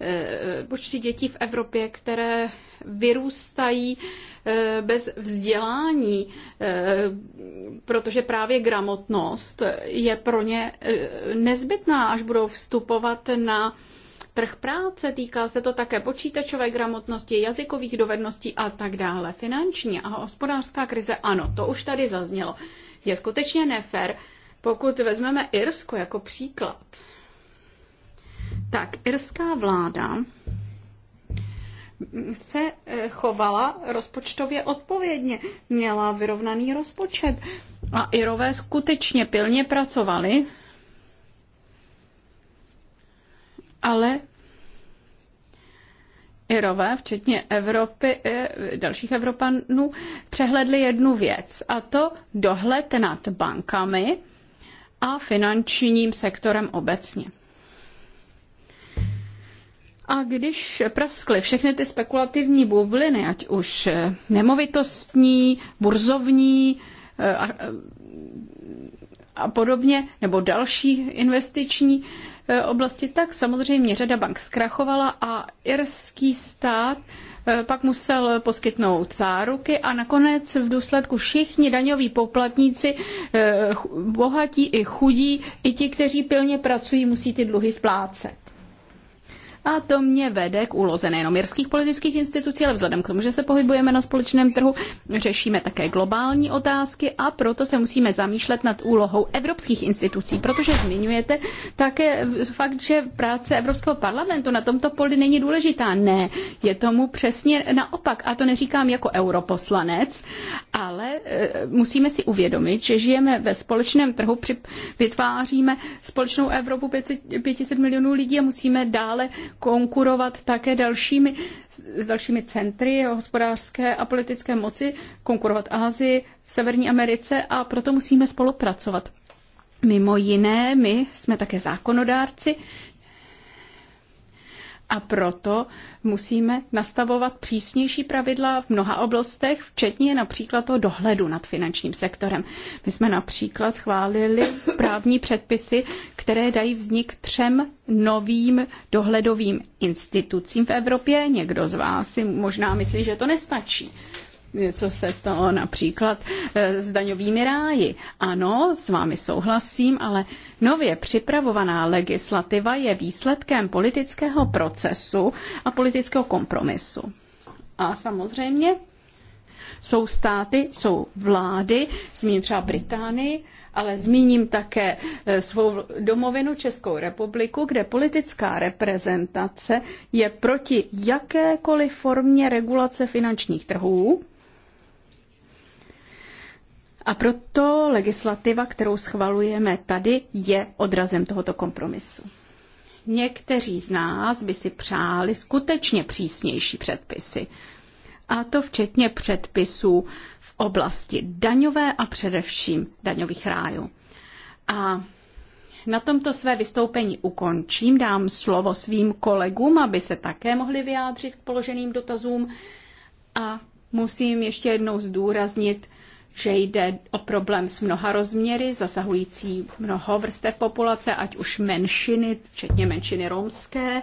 Eh, počty dětí v Evropě, které vyrůstají eh, bez vzdělání, eh, protože právě gramotnost je pro ně nezbytná, až budou vstupovat na trh práce, týká se to také počítačové gramotnosti, jazykových dovedností a tak dále. Finanční a hospodářská krize, ano, to už tady zaznělo. Je skutečně nefér, pokud vezmeme Irsko jako příklad, tak irská vláda se eh, chovala rozpočtově odpovědně, měla vyrovnaný rozpočet a Irové skutečně pilně pracovali, ale Irové, včetně Evropy, eh, dalších Evropanů, přehledli jednu věc, a to dohled nad bankami a finančním sektorem obecně. A když praskly všechny ty spekulativní bubliny, ať už eh, nemovitostní, burzovní eh, a, eh, a podobně, nebo další investiční oblasti, tak samozřejmě řada bank zkrachovala a irský stát pak musel poskytnout záruky a nakonec v důsledku všichni daňoví poplatníci, bohatí i chudí, i ti, kteří pilně pracují, musí ty dluhy splácet. A to mě vede k úloze nejenom jirských politických institucí, ale vzhledem k tomu, že se pohybujeme na společném trhu, řešíme také globální otázky a proto se musíme zamýšlet nad úlohou evropských institucí, protože zmiňujete také fakt, že práce Evropského parlamentu na tomto poli není důležitá. Ne, je tomu přesně naopak. A to neříkám jako europoslanec, ale eh, musíme si uvědomit, že žijeme ve společném trhu, při, vytváříme společnou Evropu 500, 500 milionů lidí a musíme dále konkurovat také dalšími, s dalšími centry hospodářské a politické moci, konkurovat Asii, Severní Americe a proto musíme spolupracovat. Mimo jiné, my jsme také zákonodárci, a proto musíme nastavovat přísnější pravidla v mnoha oblastech, včetně například toho dohledu nad finančním sektorem. My jsme například schválili právní předpisy, které dají vznik třem novým dohledovým institucím v Evropě. Někdo z vás si možná myslí, že to nestačí co se stalo například eh, s daňovými ráji. Ano, s vámi souhlasím, ale nově připravovaná legislativa je výsledkem politického procesu a politického kompromisu. A samozřejmě jsou státy, jsou vlády, zmíním třeba Británii, ale zmíním také eh, svou domovinu Českou republiku, kde politická reprezentace je proti jakékoliv formě regulace finančních trhů a proto legislativa, kterou schvalujeme tady, je odrazem tohoto kompromisu. Někteří z nás by si přáli skutečně přísnější předpisy. A to včetně předpisů v oblasti daňové a především daňových rájů. A na tomto své vystoupení ukončím, dám slovo svým kolegům, aby se také mohli vyjádřit k položeným dotazům. A musím ještě jednou zdůraznit, že jde o problém s mnoha rozměry, zasahující mnoho vrstev populace, ať už menšiny, včetně menšiny romské,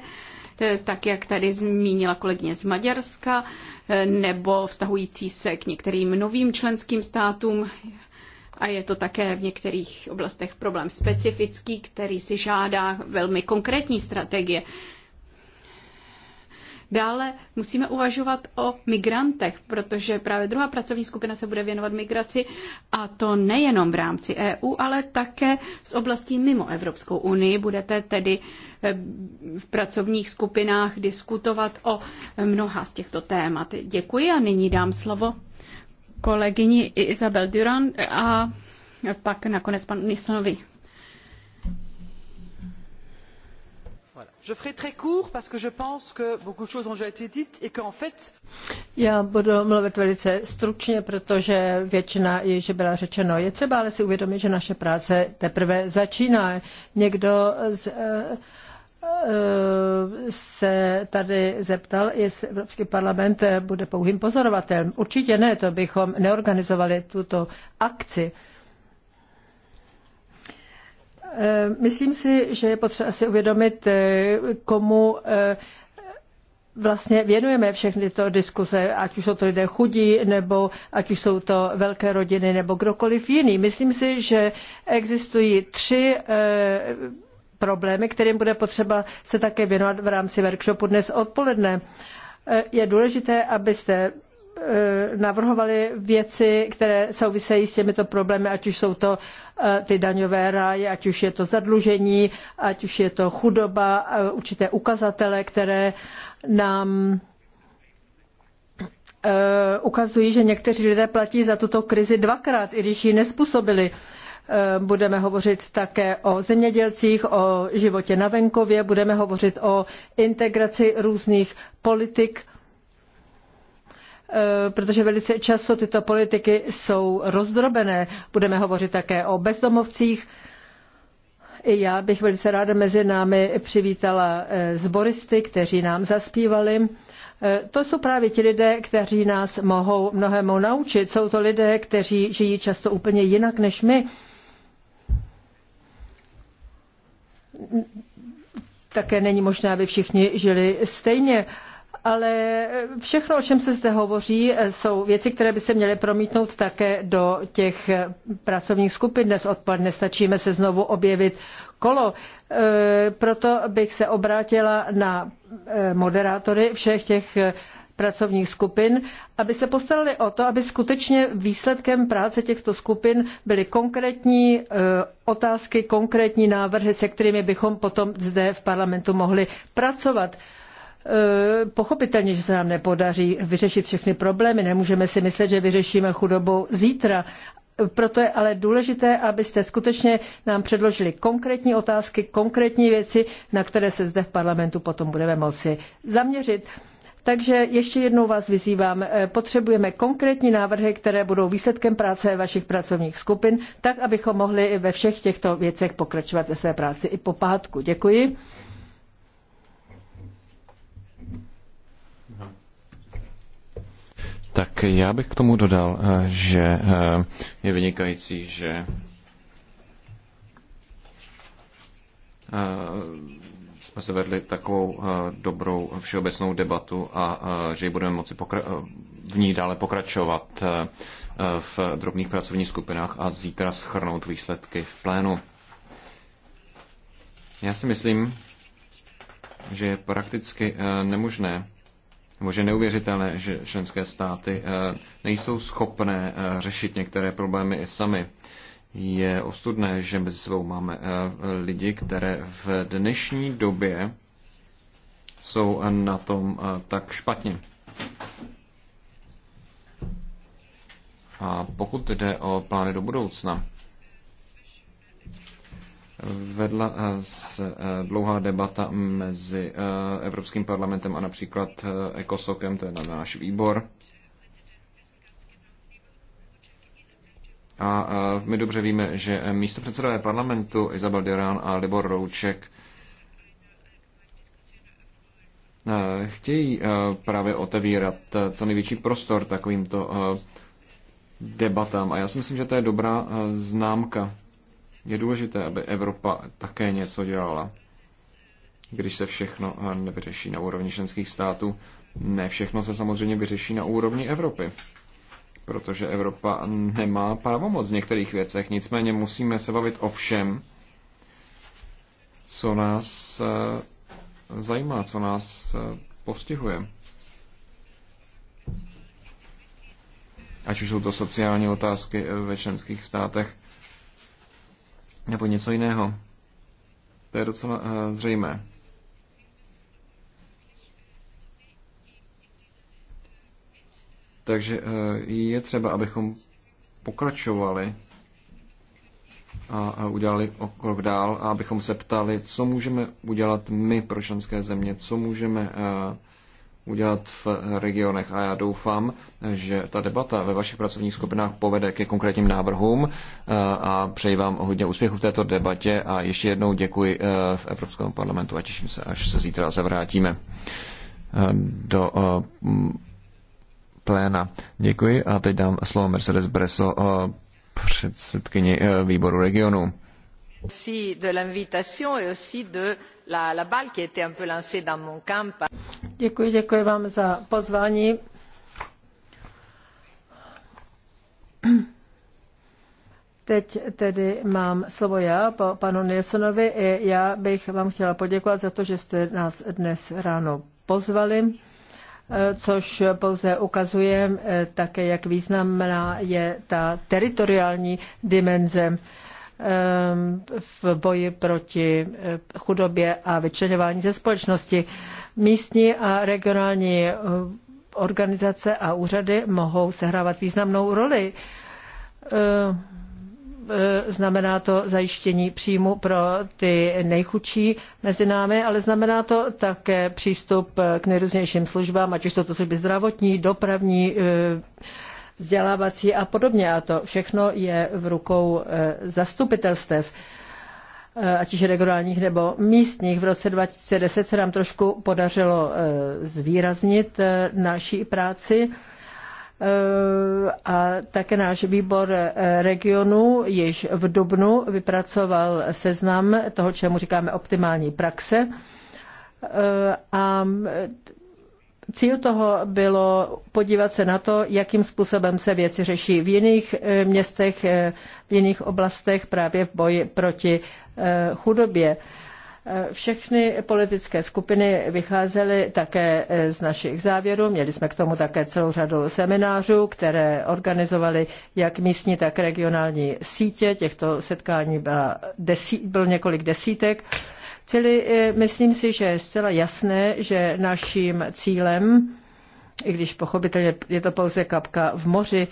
eh, tak jak tady zmínila kolegyně z Maďarska, eh, nebo vztahující se k některým novým členským státům. A je to také v některých oblastech problém specifický, který si žádá velmi konkrétní strategie. Dále musíme uvažovat o migrantech, protože právě druhá pracovní skupina se bude věnovat migraci a to nejenom v rámci EU, ale také z oblastí mimo Evropskou unii. Budete tedy eh, v pracovních skupinách diskutovat o mnoha z těchto témat. Děkuji a nyní dám slovo kolegyni Isabel Durand a pak nakonec panu Nisonovi. je ferai très court parce que je pense que beaucoup de choses ont déjà été dites et qu'en fait já budu mluvit velice stručně, protože většina již byla řečeno. Je třeba ale si uvědomit, že naše práce teprve začíná. Někdo z, eh, eh, se tady zeptal, jestli Evropský parlament bude pouhým pozorovatelem. Určitě ne, to bychom neorganizovali tuto akci. Uh, Eh, myslím si, že je potřeba si uvědomit, eh, komu eh, vlastně věnujeme všechny tyto diskuze, ať už jsou to lidé chudí, nebo ať už jsou to velké rodiny, nebo kdokoliv jiný. Myslím si, že existují tři problémy, kterým bude potřeba se také věnovat v rámci workshopu dnes odpoledne. Je důležité, abyste Eh, navrhovali věci, které souvisejí s těmito problémy, ať už jsou to eh, ty daňové ráje, ať už je to zadlužení, ať už je to chudoba, eh, určité ukazatele, které nám ukazují, že někteří lidé platí za tuto krizi dvakrát, i když ji nespůsobili. Budeme hovořit také o zemědělcích, o životě na venkově, budeme hovořit o integraci různých politik Eh, protože velice často tyto politiky jsou rozdrobené. Budeme hovořit také o bezdomovcích. I já bych velice ráda mezi námi přivítala eh, zboristy, kteří nám zaspívali. Eh, to jsou právě ti lidé, kteří nás mohou mnohému naučit. Jsou to lidé, kteří žijí často úplně jinak než my. Také není možné, aby všichni žili stejně ale všechno, o čem se zde hovoří, jsou věci, které by se měly promítnout také do těch pracovních skupin dnes odpadne, Stačíme se znovu objevit kolo. E, proto bych se obrátila na e, moderátory všech těch e, pracovních skupin, aby se postarali o to, aby skutečně výsledkem práce těchto skupin byly konkrétní otázky, konkrétní návrhy, se kterými bychom potom zde v parlamentu mohli pracovat. Eh, pochopitelně, že se nám nepodaří vyřešit všechny problémy. Nemůžeme si myslet, že vyřešíme chudobu zítra. Proto je ale důležité, abyste skutečně nám předložili konkrétní otázky, konkrétní věci, na které se zde v parlamentu potom budeme moci zaměřit. Takže ještě jednou vás vyzývám, eh, potřebujeme konkrétní návrhy, které budou výsledkem práce vašich pracovních skupin, tak abychom mohli ve všech těchto věcech pokračovat ve své práci i po pátku. Děkuji. Tak já bych k tomu dodal, eh, že eh, je vynikající, že eh, jsme se vedli takovou dobrou všeobecnou debatu a že ji budeme moci v ní dále pokračovat v drobných pracovních skupinách a zítra schrnout výsledky v plénu. Já si myslím, že je prakticky nemožné nebo že neuvěřitelné, že členské státy eh, nejsou schopné eh, řešit některé problémy i sami. Je ostudné, že mezi sebou máme eh, lidi, které v dnešní době jsou na tom tak špatně. A pokud jde o plány do budoucna, vedla eh, eh, dlouhá debata mezi eh, Evropským parlamentem a například ECOSOKem, to je na náš výbor. A my dobře víme, že místo předsedové parlamentu Izabel Duran a Libor Rouček chtějí právě otevírat co největší prostor takovýmto debatám. A já si myslím, že to je dobrá známka je důležité, aby Evropa také něco dělala. Když se všechno eh, nevyřeší na úrovni členských států, ne všechno se samozřejmě vyřeší na úrovni Evropy, protože Evropa nemá pravomoc v některých věcech. Nicméně musíme se bavit o všem, co nás eh, zajímá, co nás eh, postihuje. Ať už jsou to sociální otázky ve členských státech, nebo něco jiného. To je docela uh, zřejmé. Takže uh, je třeba, abychom pokračovali a, a udělali o krok dál a abychom se ptali, co můžeme udělat my pro členské země, co můžeme uh, udělat v regionech. A já doufám, že ta debata ve vašich pracovních skupinách povede ke konkrétním návrhům eh, a přeji vám hodně úspěchu v této debatě a ještě jednou děkuji eh, v Evropském parlamentu a těším se, až se zítra zavrátíme eh, do pléna. Děkuji a teď dám slovo Mercedes Breso předsedkyni výboru regionu. Děkuji, děkuji vám za pozvání. Teď tedy mám slovo já, panu Nilsonovi. Já bych vám chtěla poděkovat za to, že jste nás dnes ráno pozvali, což pouze ukazuje eh, také, jak významná je ta teritoriální dimenze Ehm, v boji proti eh, chudobě a vyčlenování ze společnosti. Místní a regionální eh, organizace a úřady mohou sehrávat významnou roli. Ehm, eh, znamená to zajištění příjmu pro ty nejchudší mezi námi, ale znamená to také přístup k nejrůznějším službám, ať už jsou to služby zdravotní, dopravní, vzdělávací a podobně. A to všechno je v rukou eh, zastupitelstev eh, ať už regionálních nebo místních. V roce 2010 se nám trošku podařilo eh, zvýraznit naší práci a také náš výbor regionu již v Dubnu vypracoval seznam toho, čemu říkáme optimální praxe. A Cíl toho bylo podívat se na to, jakým způsobem se věci řeší v jiných eh, městech, eh, v jiných oblastech právě v boji proti eh, chudobě. Všechny politické skupiny vycházely také z našich závěrů. Měli jsme k tomu také celou řadu seminářů, které organizovaly jak místní, tak regionální sítě. Těchto setkání byla desí, několik desítek. Čili eh, myslím si, že je zcela jasné, že naším cílem, i když pochopitelně je to pouze kapka v moři,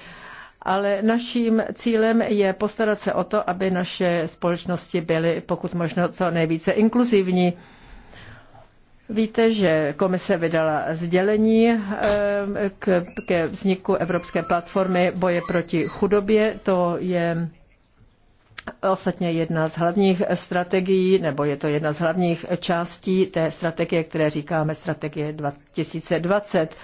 ale naším cílem je postarat se o to, aby naše společnosti byly pokud možno co nejvíce inkluzivní. Víte, že komise vydala sdělení eh, k, ke vzniku Evropské platformy boje proti chudobě. To je ostatně jedna z hlavních strategií, nebo je to jedna z hlavních částí té strategie, které říkáme strategie 2020.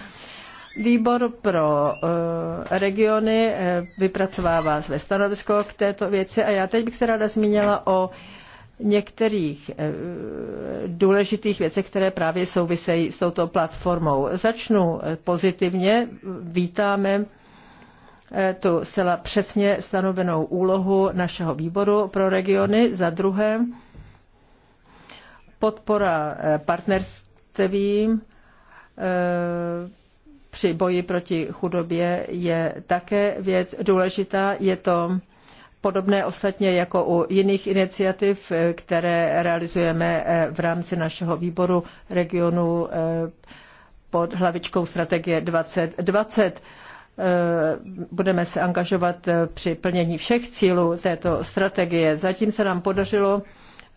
Výbor pro eh, regiony eh, vypracovává své stanovisko k této věci a já teď bych se ráda zmínila o některých eh, důležitých věcech, které právě souvisejí s touto platformou. Začnu pozitivně. Vítáme Eh, tu zcela přesně stanovenou úlohu našeho výboru pro regiony. Za druhé, podpora eh, partnerství eh, při boji proti chudobě je také věc důležitá. Je to podobné ostatně jako u jiných iniciativ, které realizujeme v rámci našeho výboru regionu pod hlavičkou strategie 2020. Eh, budeme se angažovat eh, při plnění všech cílů této strategie. Zatím se nám podařilo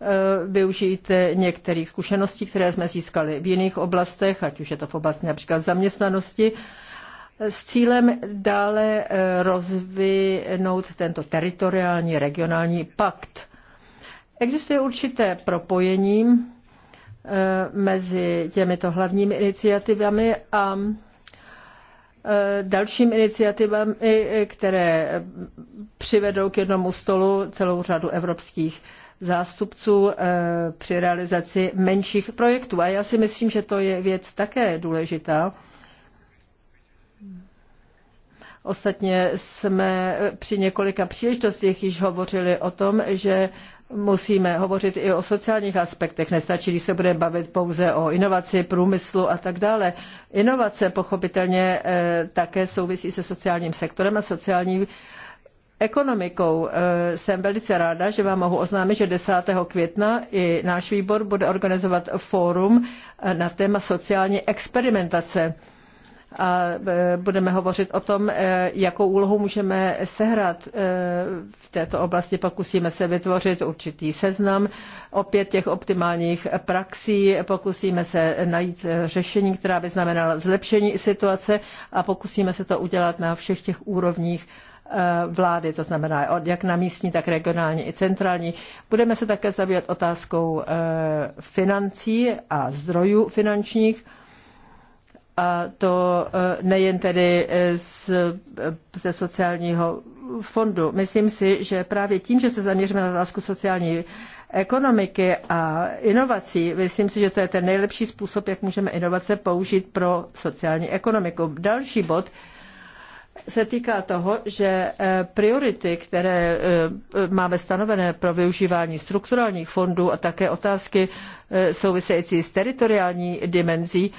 eh, využít některých zkušeností, které jsme získali v jiných oblastech, ať už je to v oblasti například zaměstnanosti, s cílem dále rozvinout tento teritoriální regionální pakt. Existuje určité propojení mezi těmito hlavními iniciativami a Eh, dalším iniciativami, které přivedou k jednomu stolu celou řadu evropských zástupců eh, při realizaci menších projektů. A já si myslím, že to je věc také důležitá. Ostatně jsme při několika příležitostech již hovořili o tom, že musíme hovořit i o sociálních aspektech. Nestačí, když se budeme bavit pouze o inovaci, průmyslu a tak dále. Inovace pochopitelně eh, také souvisí se sociálním sektorem a sociální ekonomikou. Eh, jsem velice ráda, že vám mohu oznámit, že 10. května i náš výbor bude organizovat fórum eh, na téma sociální experimentace a e, budeme hovořit o tom, e, jakou úlohu můžeme sehrát e, v této oblasti. Pokusíme se vytvořit určitý seznam opět těch optimálních praxí, pokusíme se najít řešení, která by znamenala zlepšení situace a pokusíme se to udělat na všech těch úrovních vlády, to znamená od jak na místní, tak regionální i centrální. Budeme se také zabývat otázkou financí a zdrojů finančních a to e, nejen tedy e, z, e, ze sociálního fondu. Myslím si, že právě tím, že se zaměříme na otázku sociální ekonomiky a inovací, myslím si, že to je ten nejlepší způsob, jak můžeme inovace použít pro sociální ekonomiku. Další bod se týká toho, že priority, které máme stanovené pro využívání strukturálních fondů a také otázky související s teritoriální dimenzí,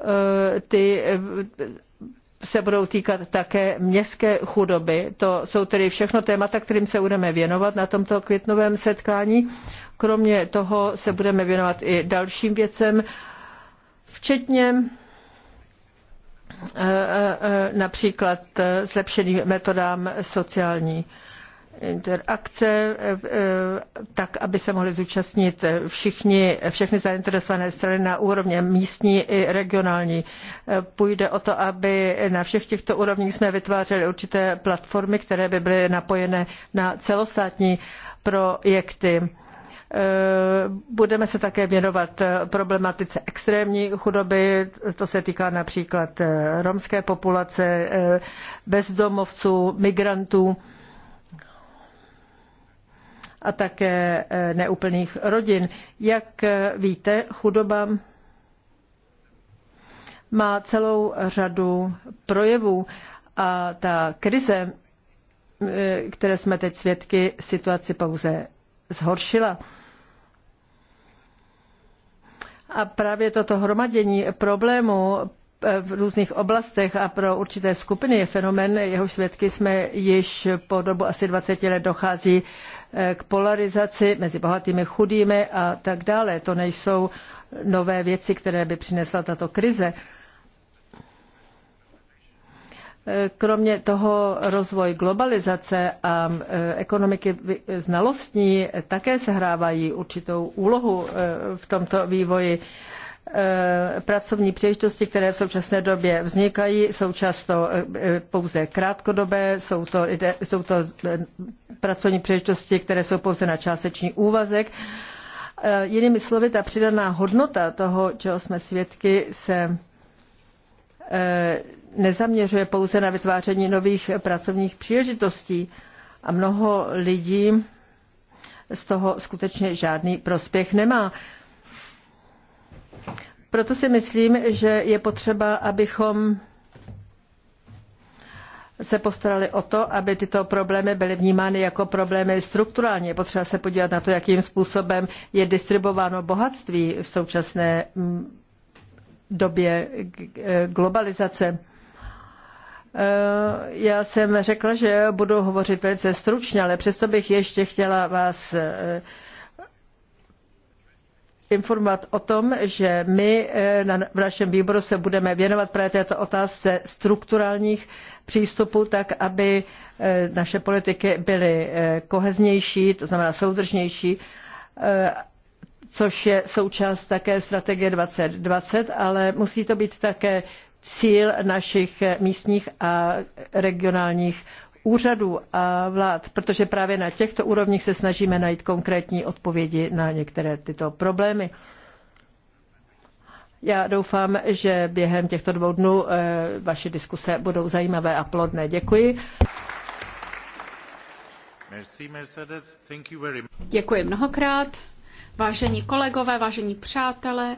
Eh, ty eh, se budou týkat také městské chudoby. To jsou tedy všechno témata, kterým se budeme věnovat na tomto květnovém setkání. Kromě toho se budeme věnovat i dalším věcem, včetně eh, například zlepšeným metodám sociální interakce, eh, tak aby se mohli zúčastnit všichni, všechny zainteresované strany na úrovně místní i regionální. Eh, půjde o to, aby na všech těchto úrovních jsme vytvářeli určité platformy, které by byly napojené na celostátní projekty. Eh, budeme se také věnovat problematice extrémní chudoby, to se týká například romské populace, bezdomovců, migrantů a také eh, neúplných rodin. Jak eh, víte, chudoba má celou řadu projevů a ta krize, eh, které jsme teď svědky, situaci pouze zhoršila. A právě toto hromadění problému v různých oblastech a pro určité skupiny je fenomén, jehož svědky jsme již po dobu asi 20 let dochází eh, k polarizaci mezi bohatými, chudými a tak dále. To nejsou nové věci, které by přinesla tato krize. Eh, kromě toho rozvoj globalizace a eh, ekonomiky znalostní také sehrávají určitou úlohu v tomto vývoji. Eh, pracovní příležitosti, které v současné době vznikají, jsou často eh, eh, pouze krátkodobé, jsou to, jsou to pracovní příležitosti, které jsou pouze na částečný úvazek. Jinými slovy, ta přidaná hodnota toho, čeho jsme svědky, se nezaměřuje pouze na vytváření nových pracovních příležitostí a mnoho lidí z toho skutečně žádný prospěch nemá. Proto si myslím, že je potřeba, abychom se postarali o to, aby tyto problémy byly vnímány jako problémy strukturálně. Je potřeba se podívat na to, jakým způsobem je distribuováno bohatství v současné mm, době globalizace. Eh, já jsem řekla, že budu hovořit velice stručně, ale přesto bych ještě chtěla vás eh, informovat o tom, že my eh, na, v našem výboru se budeme věnovat právě této otázce strukturálních přístupů, tak aby eh, naše politiky byly eh, koheznější, to znamená soudržnější, což je součást také strategie 2020, ale musí to být také cíl našich místních a regionálních úřadů a vlád, protože právě na těchto úrovních se snažíme najít konkrétní odpovědi na některé tyto problémy. Já doufám, že během těchto dvou dnů eh, vaše diskuse budou zajímavé a plodné. Děkuji. Děkuji mnohokrát. Vážení kolegové, vážení přátelé,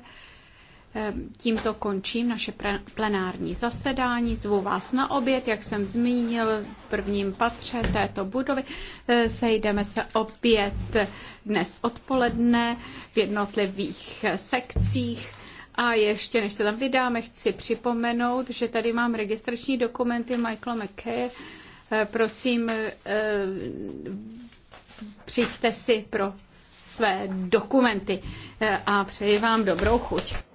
Ehm, tímto končím naše plenární zasedání. Zvu vás na oběd, jak jsem zmínil, v prvním patře této budovy. Ehm, sejdeme se opět dnes odpoledne v jednotlivých sekcích. A ještě než se tam vydáme, chci připomenout, že tady mám registrační dokumenty Michaela McKay. Ehm, prosím, přijďte si pro své dokumenty a přeji vám dobrou chuť.